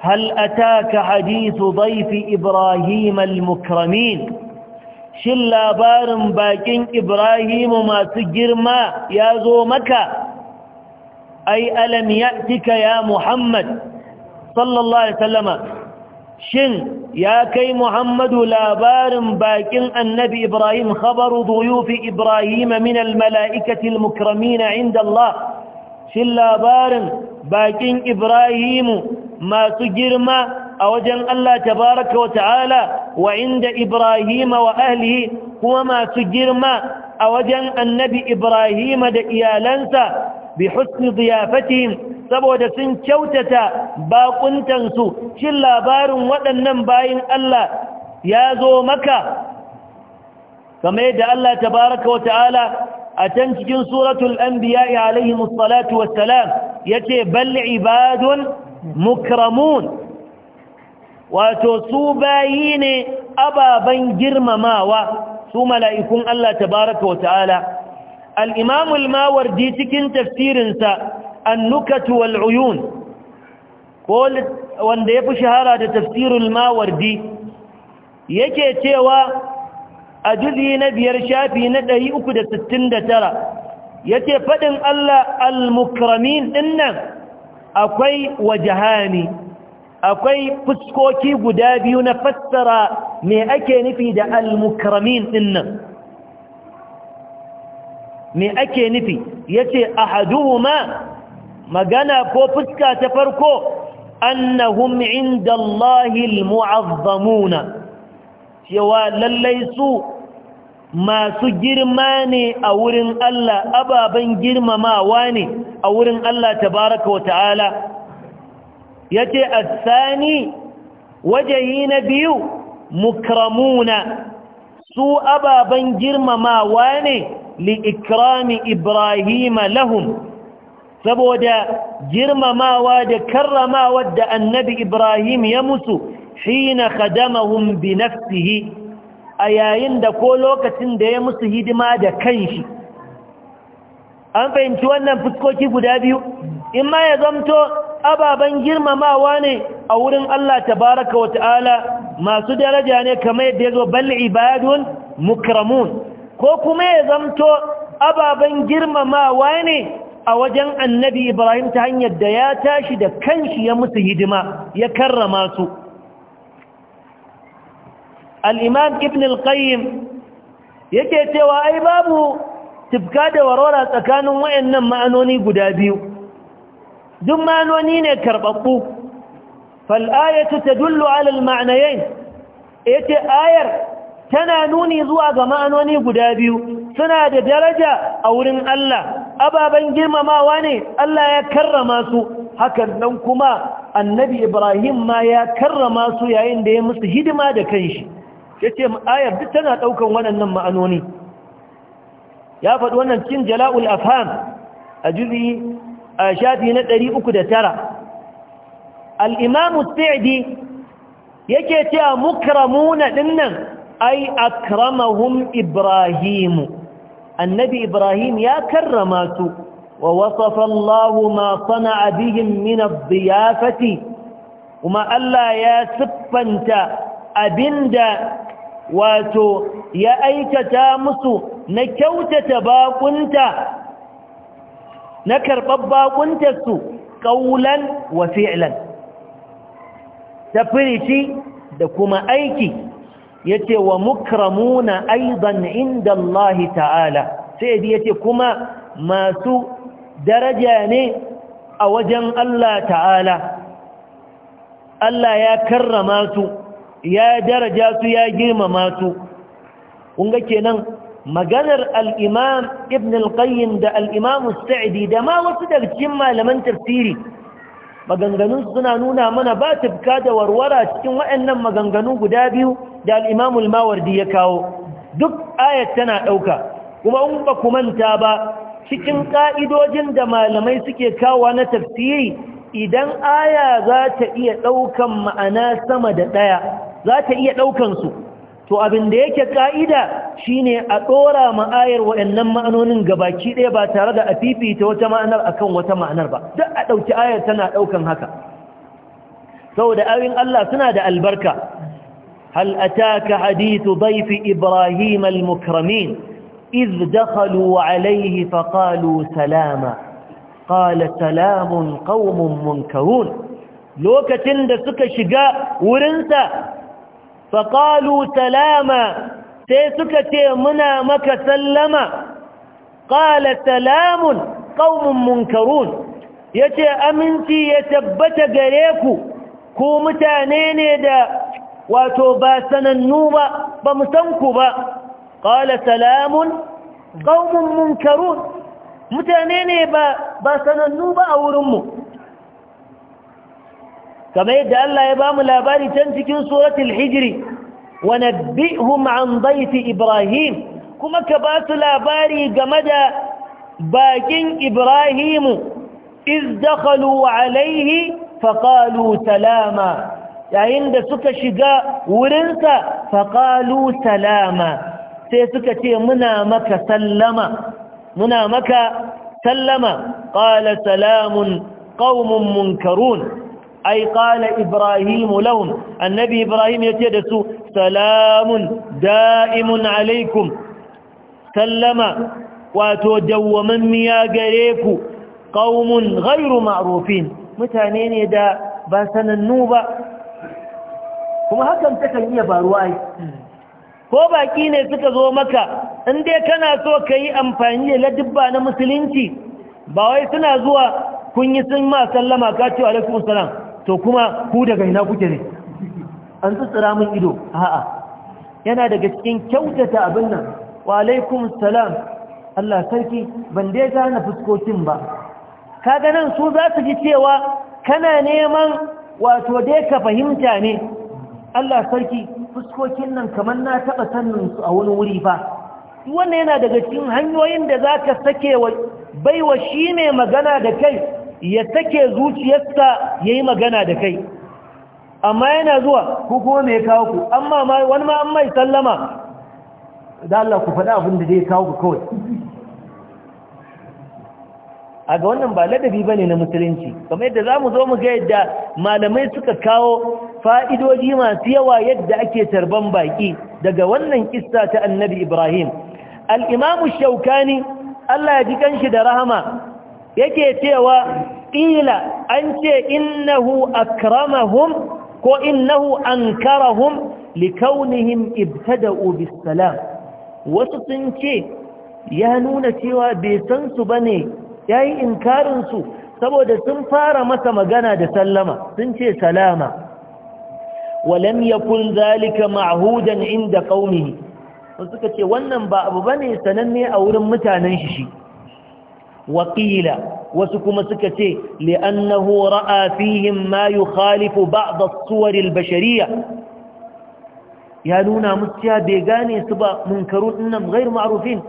هل أتاك حديث ضيف إبراهيم المكرمين shin labarin bakin ibrahimu masu girma ya zo maka ai alam ya'tika ya muhammad sallallahu alaihi wasallama shin ya kai muhammadu labarin bakin annabi ibrahim khabaru duyufi ibrahim min almala'ikati almukramin inda allah shin labarin bakin ibrahimu masu girma a wajen Allah tabaraka wa ta'ala wa inda Ibrahim wa ahlihi kuma masu girma a wajen annabi Ibrahim da iyalansa bi husni ziyafatihim saboda sun kyautata bakuntansu shin labarin waɗannan bayin Allah ya zo maka kamar yadda Allah tabaraka wa ta'ala a can cikin suratul anbiya'i alaihi musallatu wassalam yace bal ibadun mukramun wato su bayi ne ababen girmamawa su mala'ikun Allah tabaraka wata'ala al'imamul mawardi cikin tafsirinsa annukatu wal'uyun wanda ya fi shahara da tafsirul mawardi yake cewa a juzi na biyar shafi na 369 yake faɗin Allah al-mukramin ɗinnan akwai wajahani akwai fuskoki guda biyu na fassara me ake nufi da al-mukramin dinnan me ake nufi yace ahaduhuma magana ko fuska ta farko annahum inda al-mu'azzamuna cewa lallai su masu girma ne a wurin Allah ababen girmamawa ne a wurin Allah tabaraka wa ta'ala ya ce asani wajahi na biyu mukramuna su ababen girmamawa ne li'ikrami ibrahima lahum saboda girmamawa da karramawa da annabi ibrahim ya musu hina khadamahum bi nafsihi a yayin da ko lokacin da ya musu hidima da kanshi an fahimci wannan fuskoki guda biyu in ma ya zamto ababen girmamawa ne a wurin Allah tabaraka wa ta'ala masu daraja ne kamar yadda ya zo bal ibadun mukramun ko kuma ya zamto ababen girmamawa ne a wajen annabi ibrahim ta hanyar da ya tashi da kanshi ya musu hidima ya karrama su al'imam ibn al-qayyim yake cewa ai babu tibka da warwara tsakanin wayannan ma'anoni guda biyu duk manoni ne karɓaɓɓu fal'ayatu ta dullu alal ma'anayin yace ayar tana nuni zuwa ga ma'anoni guda biyu suna da daraja a wurin Allah ababen girmamawa ne Allah ya karrama su hakan nan kuma annabi Ibrahim ma ya karrama su yayin da ya musu hidima da kanshi yace ayar duk tana daukan waɗannan ma'anoni ya faɗi wannan cikin jala'ul afham a juzi a shafi na 309 al-imam as-sa'di yake cewa mukramuna dinnan ai akramahum ibrahim annabi ibrahim ya karrama su wa wasafa Allah ma sana'a bihim min ad-diyafati kuma Allah ya siffanta abinda wato ya aikata musu na kyautata bakunta na karɓar bakuntarsu ƙaulan wa fi'lan ta firici da kuma aiki ya ce wa mukramuna aidan inda Allah ta'ala sai ya ce kuma masu daraja ne a wajen Allah ta'ala Allah ya karrama su ya daraja su ya girmama su ƙunga kenan maganar al'imam ibn al-qayyim da al'imam sa'adi da ma wasu daga cikin malaman tafsiri maganganun suna nuna mana ba tafka da warwara cikin waɗannan maganganu guda biyu da Alimamul mawardi ya kawo duk ayat tana ɗauka kuma in ba ku manta ba cikin ƙa'idojin da malamai suke kawo na tafsiri idan aya za ta iya ɗaukan ma'ana sama da ɗaya za ta iya ɗaukansu to abin da yake ka'ida shine a ɗora ma'ayar waɗannan ma'anonin gabaki ɗaya ba tare da a fifita wata ma'anar akan wata ma'anar ba duk a ɗauki ayar tana ɗaukan haka saboda ayoyin Allah suna da albarka hal ataka hadithu dayf ibrahim al-mukramin iz dakhalu alayhi fa qalu salama qala salamun qaumun munkarun lokacin da suka shiga wurinsa faƙalu salama sai suka ce muna maka sallama ƙala salamun ƙaunin munkarun ya ce aminci ya tabbata gare ku ku mutane ne da wato ba sanannu ba ba musanku ba ƙala salamun ƙaunin munkarun mutane ne ba sanannu ba a wurinmu kamar da Allah ya bamu labari can cikin suratul hijri wa nabbihum an dayfi ibrahim kuma ka ba labari game da bakin ibrahimu iz dakhalu alayhi faqalu salama yayin da suka shiga wurinsa faqalu salama sai suka ce muna maka sallama muna maka sallama qala salamun qaumun munkarun ai qala ibrahim lahum annabi ibrahim yace da su salamun da'imun alaikum sallama wato miya gare ku qaumun ghairu ma'rufin mutane ne da ba sanannu ba kuma hakan takan iya faruwa ai ko baki ne suka zo maka in dai kana so ka yi amfani da ladibba na musulunci ba wai suna zuwa kun yi sun ma sallama ka ce alaikum salam to kuma ku daga ina kuke ne an tsitsira min ido a'a yana daga cikin kyautata abin nan wa alaikum salam Allah sarki ban dai na fuskokin ba kaga nan su za su ji cewa kana neman wato dai ka fahimta ne Allah sarki fuskokin nan kamar na taba sannin su a wani wuri ba wannan yana daga cikin hanyoyin da zaka sake wa baiwa shi mai magana da kai ya sake zuciyarsa yayi magana da kai amma yana zuwa ko kuma mai kawo ku amma wani ma an mai sallama da Allah ku faɗa abin da zai kawo ku kawai a ga wannan ba ladabi ba ne na musulunci kamar yadda za mu zo mu ga yadda malamai suka kawo fa'idodi masu yawa yadda ake tarban baƙi daga wannan kista ta annabi ibrahim al'imamu shaukani Allah ya ji kanshi da rahama yake cewa ƙila an ce innahu akramahum ko innahu ankarahum likaunihim ibtada'u bisalam wasu sun ce ya nuna cewa bai san su bane yayi inkarin su saboda sun fara masa magana da sallama sun ce salama ولم يكن ذلك معهودا عند قومه suka ce wannan ba abu bane sananne a wurin mutanen shi waƙila wasu kuma suka ce li'annahu ra'a fihim ma yukhalifu ba'd as-suwar al-bashariyya ya nuna musu bai gane su ba munkarun nan ghairu ma'rufin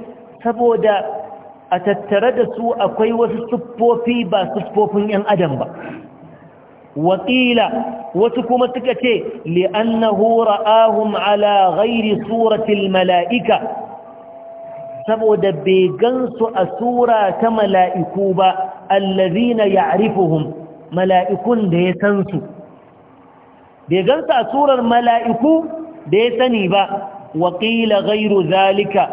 saboda a tattare da su akwai wasu siffofi ba siffofin yan adam ba waƙila wasu kuma suka ce li'annahu ra'ahum ala ghairi suratil mala'ika saboda bai gansu a sura ta mala'iku ba allazina ya'rifuhum mala'ikun da ya san su bai gansu a surar mala'iku da ya sani ba waƙila gairu zalika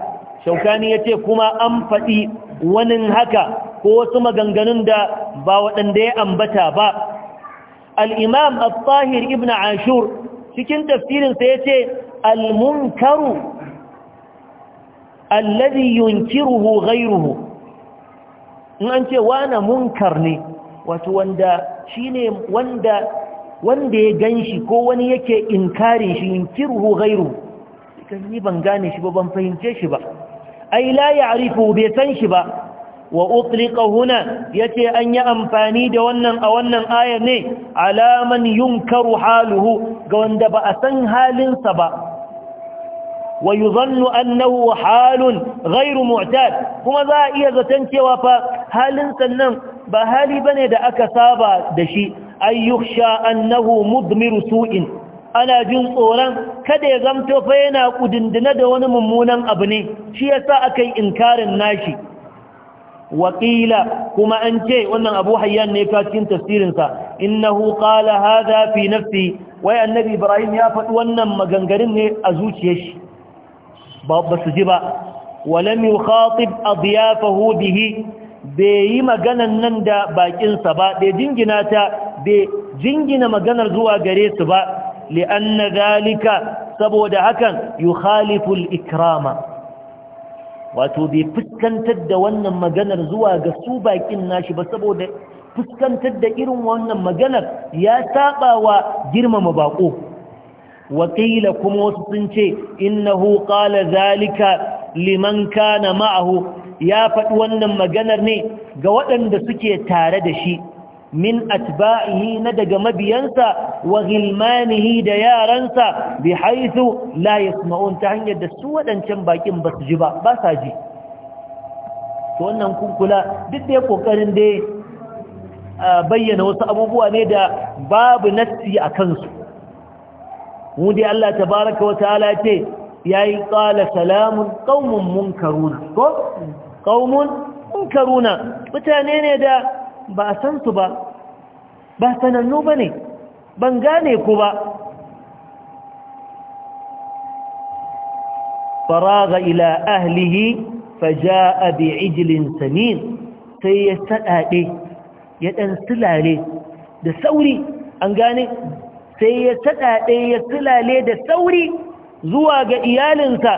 shaukani ya ce kuma an faɗi wani haka ko wasu maganganun da ba waɗanda ya ambata ba al'imam al-tahir ibn ashur cikin tafsirinsa ya ce al-munkaru alladhi yunkiruhu ghayruhu in an ce wana munkar ne wato wanda shine wanda wanda ya ganshi ko wani yake inkarin shi yunkiruhu ghayruhu kan ni ban gane shi ba ban fahimce shi ba ai la ya'rifu bai san shi ba wa utliqa huna yace an yi amfani da wannan a wannan ayar ne alaman yunkaru haluhu ga wanda ba a san halinsa ba wa annahu halun ghairu mu'tad kuma za a iya zaton cewa fa halin sannan ba hali bane da aka saba da shi ay yukhsha annahu mudmiru su'in ana jin tsoron kada ya zamto fa yana kudindina da wani mummunan abu ne shi yasa akai inkarin nashi وقيل كما أنتي وأن أبو حيان نيكاتين تفسير انسا إنه fi wai annabi Ibrahim ya faɗi wannan يافت ne a أزوج shi. ba su ji ba walam yukhatib adiyafahu bihi bai yi maganar nan da bakinsa ba bai jingina ta bai jingina maganar zuwa gare su ba li'anna zalika saboda hakan yukhalifu al-ikrama wato bai fuskantar da wannan maganar zuwa ga su bakin nashi ba saboda fuskantar da irin wannan maganar ya saba wa girmama bako kuma وقيل كموس in na قال ذلك liman kana ma'ahu ya faɗi wannan maganar ne ga waɗanda suke tare da shi min atba'ihi na daga mabiyansa wa da yaransa bi haithu la yasma'un ta hanyar da su waɗancan baƙin ba su ji ba ba sa ji to wannan kunkula duk da kokarin da bayyana wasu abubuwa ne da babu nassi a kansu mu dai Allah tabaraka wa ta'ala ce yayi qala salamun qaumun munkaruna ko qaumun munkaruna mutane ne da ba san su ba ba sanannu bane ban gane ku ba faraga ila ahlihi faja'a bi'ijlin samin sai ya sadade ya dan sulale da sauri an gane sai ya saɗaɗe ya silale da sauri zuwa ga iyalinsa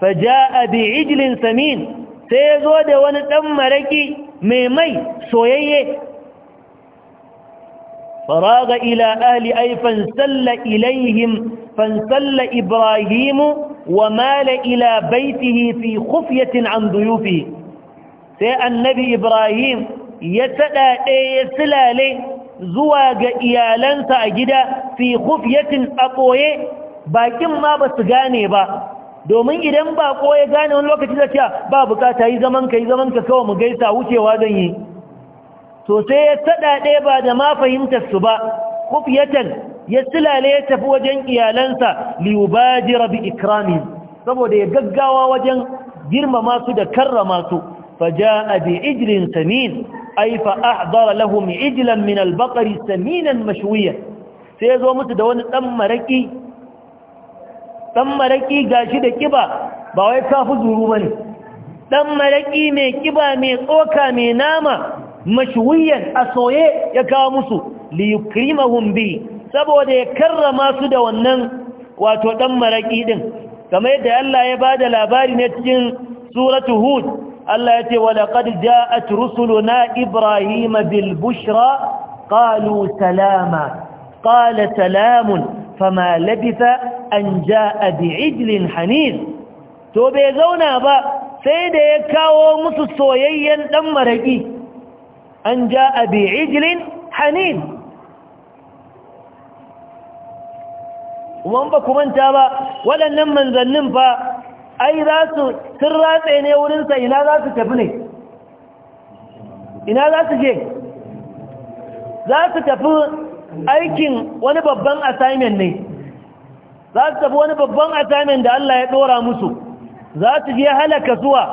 faja'a bi ijlin samin sai ya zo da wani ɗan maraƙi mai mai soyayye faraga ila ahli ay fansalla ilaihim fansalla ibrahimu wa mala ila baitihi fi khufyatin an duyufi sai annabi ibrahim ya saɗaɗe ya silale zuwa ga iyalansa a gida fi kufiyatin a ɓoye bakin ma ba su gane ba domin idan ba ya gane wani lokaci da cewa ba bukata yi zaman ka yi zaman ka kawai mu gaisa wucewa zan yi to sai ya taɗa ɗaya ba da ma fahimtar su ba kufiyatan ya silale ya tafi wajen iyalansa liyubajira bi ikramin saboda ya gaggawa wajen girmama su da karrama su فجاء بعجل سمين أي فأحضر لهم عجلا من البقر سمينا مشويا سيزو متدون تم ركي تم ركي قاشد كبا باوي كافو زروباني تم ركي مي كبا مي قوكا مي ناما مشويا أصوي يكامسو ليكرمهم به سبو دي كرما سدى ونن واتو تم ركي دن كما يدى الله يبادى لاباري نتجن سورة هود Allah ya ce walaƙad ja'at rusuluna Ibrahim Bilbushra bushra qalu salama ƙala salamun fama labisa an ja'a bi'ijlin hanif to bai zauna ba sai da ya kawo musu soyayyen dan maraƙi an ja'a bi'ijlin hanif wanda kuma ta ba waɗannan manzannin ba. ai za su sun ratse ne wurinsa ina za su tafi ne ina za su je za su tafi aikin wani babban assignment ne za su tafi wani babban assignment da Allah ya dora musu za su je halaka zuwa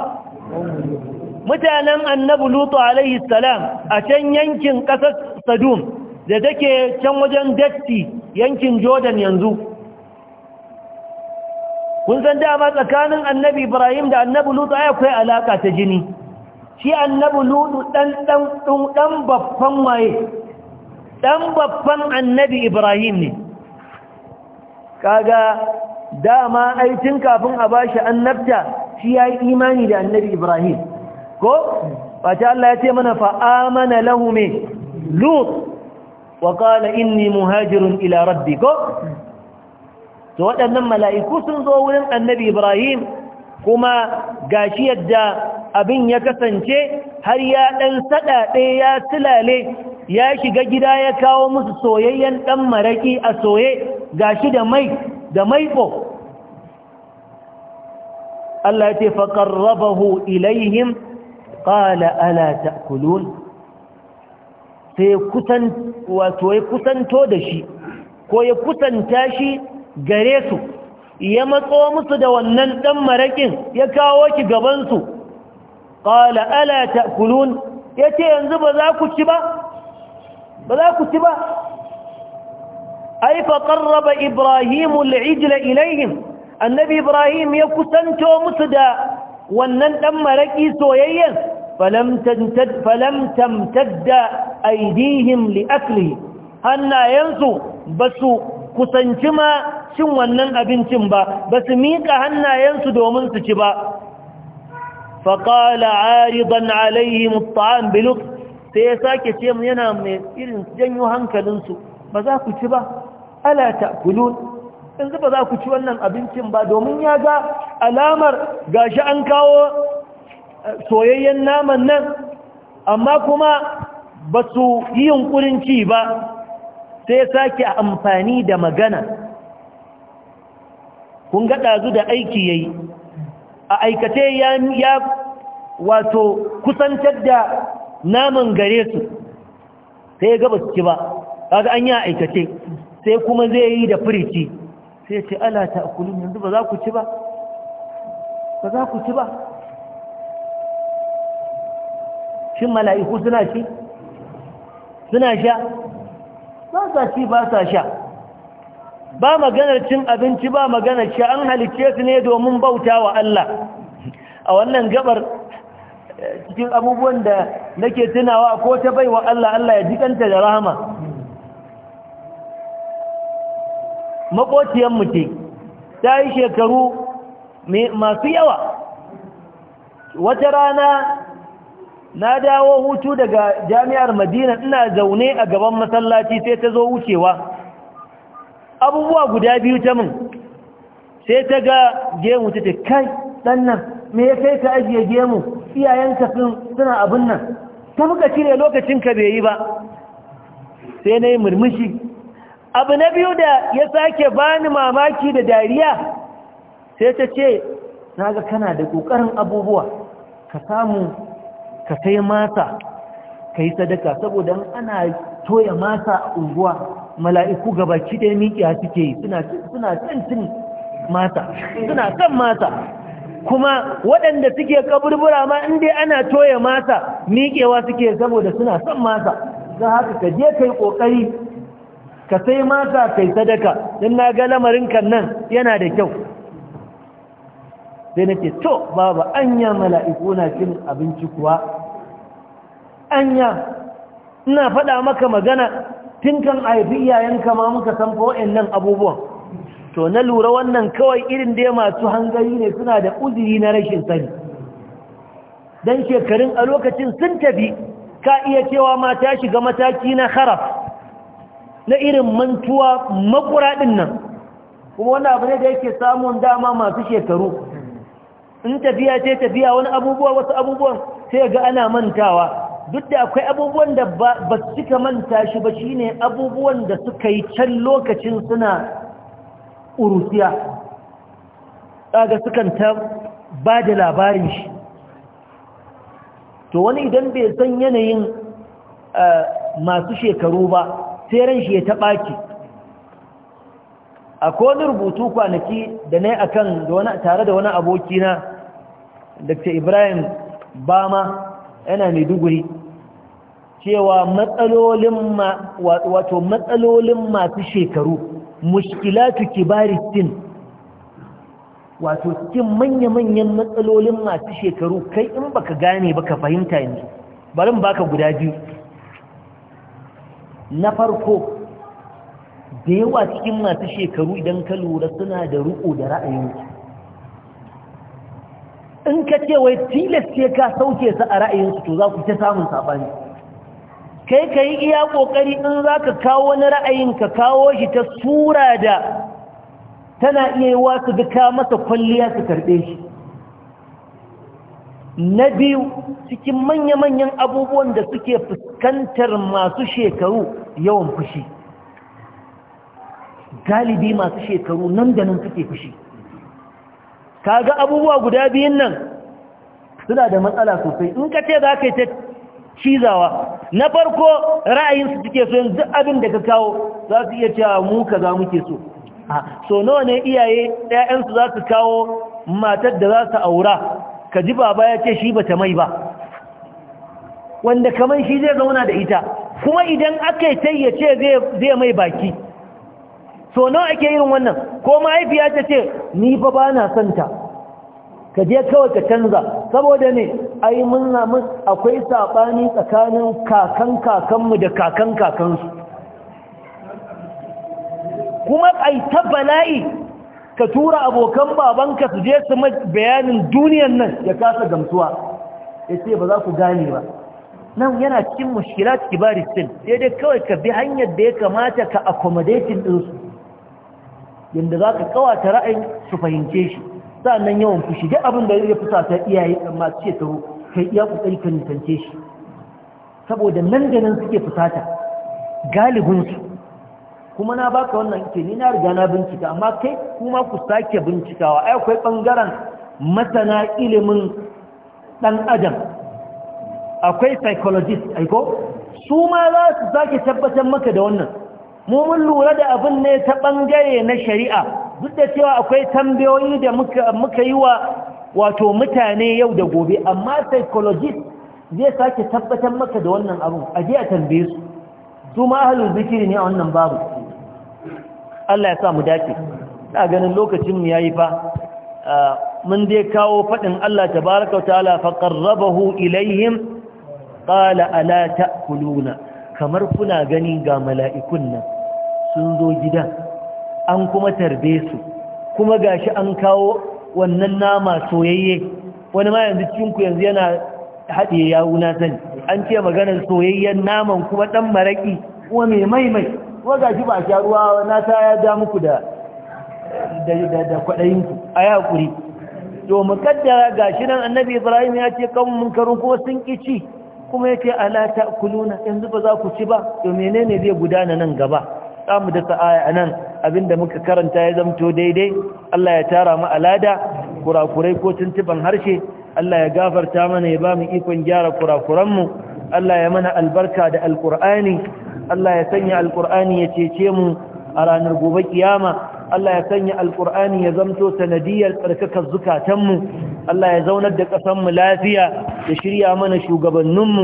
mutanen annabu lutu alaihi salam a can yankin ƙasar sadum da take can wajen datti yankin jordan yanzu kun san dama tsakanin annabi ibrahim da annabi lutu ai akwai alaka ta jini shi annabi lutu ɗan babban waye ɗan babban annabi ibrahim ne kaga dama ai tun kafin a bashi annabta shi yayi imani da annabi ibrahim ko fata Allah ya ce mana fa amana lahu me lut wa inni muhajirun ila rabbi ko to waɗannan mala'iku sun zo wurin annabi ibrahim kuma gashi yadda abin ya kasance har ya ɗan saɗaɗe ya tilale ya shiga gida ya kawo musu soyayyen ɗan maraƙi a soye gashi da mai da maiƙo Allah ce faƙarrabahu ilaihim ƙala ala ta'kulun sai ya kusanto da shi ko ya kusanta shi gare su ya matso musu da wannan ɗan maraƙin ya kawo ki gabansu ƙala ala ta kulun ya ce yanzu ba za ku ci ba ba za ku ci ba aifa ƙarraba ibrahimu al'ijila ilayhim annabi ibrahim ya kusanto musu da wannan ɗan maraƙi soyayyen falam da aidihim li'akli, hannayensu ba su kusanci ma cin wannan abincin ba ba su miƙa hannayensu domin su ci ba faƙala aridan alaihim ta'am biluk sai ya sake ce mu yana mai irin janyo hankalinsu ba za ku ci ba ala yanzu ba za ku ci wannan abincin ba domin ya ga alamar gashi an kawo eh, soyayyen naman nan amma kuma ba su yi yunkurin ci ba sai sake amfani da magana kun ga ɗazu da aiki yayi a aikace ya wato kusantar da naman gare su sai ga basu ci ba kaga an yi a aikace sai kuma zai yi da firici sai ce ala ta akulun yanzu ba za ku ci ba ba za ku ci ba shin mala'iku suna shi suna sha ba sa ci ba sa sha ba maganar cin abinci ba maganar sha an halice su ne domin bauta wa Allah a wannan gabar cikin abubuwan da nake tunawa ko ta bai wa Allah Allah ya jikanta da rahama makociyar mutum ta yi shekaru masu yawa wata rana na dawo hutu daga jami'ar madina ina zaune a gaban masallaci sai ta zo wucewa abubuwa guda biyu ta min sai ta ga gemu ta ce kai ɗan nan me ya kai ka ajiye gemu iyayenka sun suna abin nan ta muka cire lokacin ka bai yi ba sai na yi murmushi abu na biyu da ya sake bani mamaki da dariya sai ta ce na ga kana da ƙoƙarin abubuwa ka samu ka sai masa ka yi sadaka saboda ana toya masa a unguwa mala'iku gaba da mikiya suke yi suna can cin mata suna kan mata kuma waɗanda suke kaburbura ma inda ana toya mata miƙewa suke saboda suna son mata za haka ka je kai ƙoƙari ka sai mata kai sadaka don na ga lamarin kan nan yana da kyau sai na ce to babu anya mala'iku na cin abinci kuwa anya ina faɗa maka magana tun kan haifi iyayenka ma muka san fa nan abubuwan to na lura wannan kawai irin da masu hangari ne suna da uzuri na rashin sani dan shekarun a lokacin sun tafi ka iya cewa ma shiga mataki na haraf na irin mantuwa makuraɗin nan kuma wani abu ne da yake samun dama masu shekaru in tafiya ce tafiya wani abubuwa wasu abubuwan sai ga ana mantawa duk da akwai abubuwan da ba su manta shi ba shine abubuwan da suka yi can lokacin suna urusiya kaga sukan ta ba da labarin shi to wani idan bai san yanayin masu shekaru ba sai ran shi ya taɓaki akwai wani rubutu kwanaki da na yi a kan tare da wani abokina dr ibrahim bama yana maiduguri cewa matsalolin matsalolin masu shekaru mushkilatu kibari sin wato cikin manya-manyan matsalolin masu shekaru kai in baka gane baka fahimta yanzu barin baka guda biyu na farko da yawa cikin masu shekaru idan ka lura suna da ruko da ra'ayinsu in ka ce wai tilas ce ka sauke su a ra'ayinsu to za ku ta samun saɓani kai ka yi iya ƙoƙari in za ka kawo wani ra'ayin ka kawo shi ta sura da tana iya yi wa su duka masa kwalliya su karɓe shi na biyu cikin manya-manyan abubuwan da suke fuskantar masu shekaru yawan fushi galibi masu shekaru nan da nan suke fushi kaga abubuwa guda biyun nan suna da matsala sosai in ka ce za ka yi ta cizawa na farko ra'ayinsu suke so yanzu abin da ka kawo za su iya cewa mu kaza muke so so nawa ne iyaye ɗayansu za su kawo matar da za su aura ka ji baba ya ce shi bata mai ba wanda kamar shi zai zauna da ita kuma idan aka yi ya ce zai mai baki so nawa ake yin wannan ko mahaifiya ta ce ni fa ba na santa ka je kawai ka canza saboda ne ai mun mun akwai sabani tsakanin kakan kakanmu da kakan kakansu kuma ai ta bala'i ka tura abokan babanka su je su bayanin duniyan nan ya kasa gamsuwa yace ba za ku gane ba nan yana cikin mushkilat kibari sin sai dai kawai ka bi hanyar da ya kamata ka accommodating ɗinsu, su yanda za ka kawata ra'ayin su fahimce shi nan yawan fushi duk abin da ya fusa ta iyaye amma ce taho kai iya kokari ka nisance shi saboda nan da nan suke fusata galibin su kuma na baka wannan ke ni na riga na bincika amma kai kuma ku sake bincikawa ai akwai bangaren masana ilimin dan adam akwai psychologist aiko su ma za su sake tabbatar maka da wannan mu mun lura da abin ne ta bangare na shari'a duk da cewa akwai tambayoyi da muka yi wa wato mutane yau da gobe amma psychologist zai sake tabbatar maka da wannan abu, a je a tambaye su su ma ahalin zikiri ne a wannan babu Allah ya sa mu dace na ganin lokacinmu ya yi fa mun dai kawo faɗin Allah ta baraka wa ta'ala faƙarrabahu ilayhim ƙala ala kuluna, kamar kuna gani ga mala'ikun nan sun zo gidan an kuma tarbe su kuma gashi an kawo wannan nama soyayye wani ma yanzu cinku yanzu yana haɗe yawuna sani an ce maganar soyayyen naman kuma ɗan maraƙi kuma mai maimai kuma gashi ba sha ruwa na ta ya da muku da kwaɗayinku a ya kuri to mukaddara gashi nan annabi ibrahim ya ce kan munkaru kuma sun ƙi ci kuma ya ce ala ta kuluna yanzu ba za ku ci ba to menene zai gudana nan gaba za mu dasa aya a nan abinda muka karanta ya zamto daidai Allah ya tara mu alada kurakurai ko tuntuban harshe Allah ya gafarta mana ya ba mu ikon gyara kurakuranmu Allah ya mana albarka da alkur'ani Allah ya sanya alkur'ani ya cece mu a ranar gobe kiyama Allah ya sanya alkur'ani ya zamto sanadiyar tsarkakar zukatanmu Allah ya zaunar da ƙasanmu lafiya ya shirya mana shugabanninmu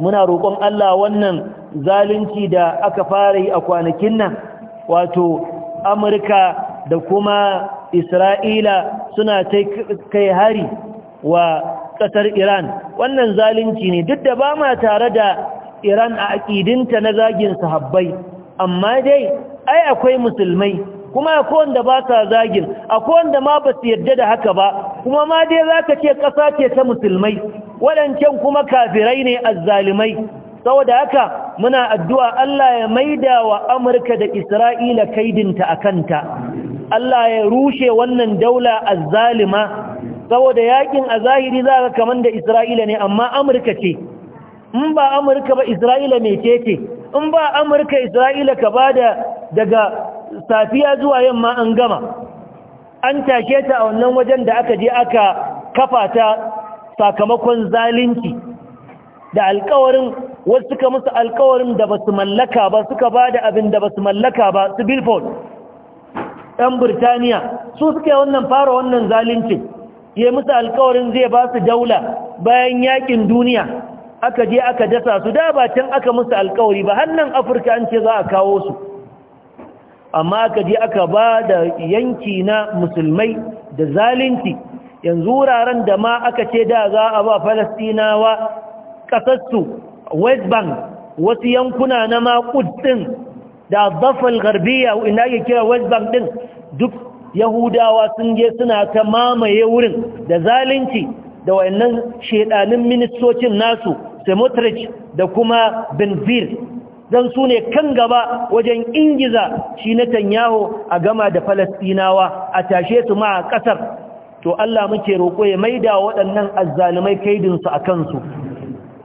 muna roƙon Allah wannan zalunci da aka fara yi a kwanakin nan wato amurka da kuma isra'ila suna kai hari wa ƙasar iran wannan zalunci ne duk da ba ma tare da iran a aƙidinta na zagin sahabbai amma dai ai akwai musulmai kuma akwai wanda ba sa zagin akwai wanda ma ba su yarda da haka ba kuma ma dai za ka ce ƙasa ce ta musulmai waɗancan kuma kafirai ne a zalimai saboda haka muna addu'a Allah ya maida wa Amurka da Isra'ila kaidinta a kanta Allah ya rushe wannan daula a zalima, saboda yakin a zahiri za ka kaman da Isra'ila ne amma Amurka ce in ba Amurka ba Isra'ila mai ce in ba Amurka Isra'ila ka ba da daga safiya zuwa yamma an gama an tashe ta a wannan wajen da aka je aka kafa ta sakamakon zalunci da alkawarin wasu suka musu alkawarin da ba su mallaka ba suka ba da abin da ba su mallaka ba su billboard ɗan birtaniya su suka yi wannan fara wannan zalincin ya musu alkawarin zai ba su daula bayan yakin duniya aka je aka dasa su da ba can aka musu alkawari ba nan afirka an ce za a kawo su amma aka je aka ba da yanki na musulmai da zalunci yanzu wuraren da ma aka ce da za a ba falastinawa ƙasarsu west bank wasu yankuna na makud din da zafal garbiya ina ake kira west bank din duk yahudawa sun je suna ta mamaye wurin da zalunci da wayannan shedanin ministocin nasu semotrich da kuma benzir don su ne kan gaba wajen ingiza shi na tanyaho a gama da falastinawa a tashe su ma a ƙasar to Allah muke roƙo ya maida waɗannan azzalumai kaidinsu a kansu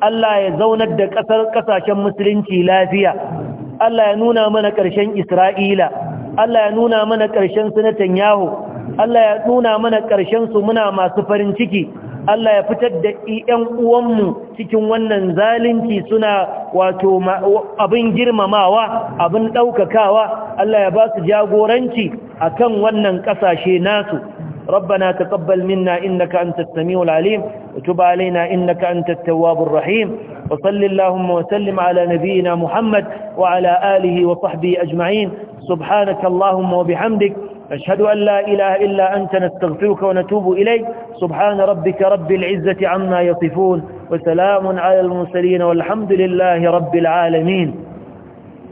Allah ya zaunar da ƙasar ƙasashen musulunci lafiya Allah ya nuna mana ƙarshen Isra'ila Allah ya nuna mana ƙarshen su yahu, Allah ya nuna mana ƙarshen su muna masu farin ciki Allah ya fitar da yan uwanmu cikin wannan zalunci suna wato abin girmamawa abin ɗaukakawa Allah ya ba su jagoranci kan wannan ƙasashe nasu ربنا تقبل منا إنك أنت السميع العليم وتب علينا إنك أنت التواب الرحيم وصل اللهم وسلم على نبينا محمد وعلى آله وصحبه أجمعين سبحانك اللهم وبحمدك أشهد أن لا إله إلا أنت نستغفرك ونتوب إليك سبحان ربك رب العزة عما يصفون وسلام على المرسلين والحمد لله رب العالمين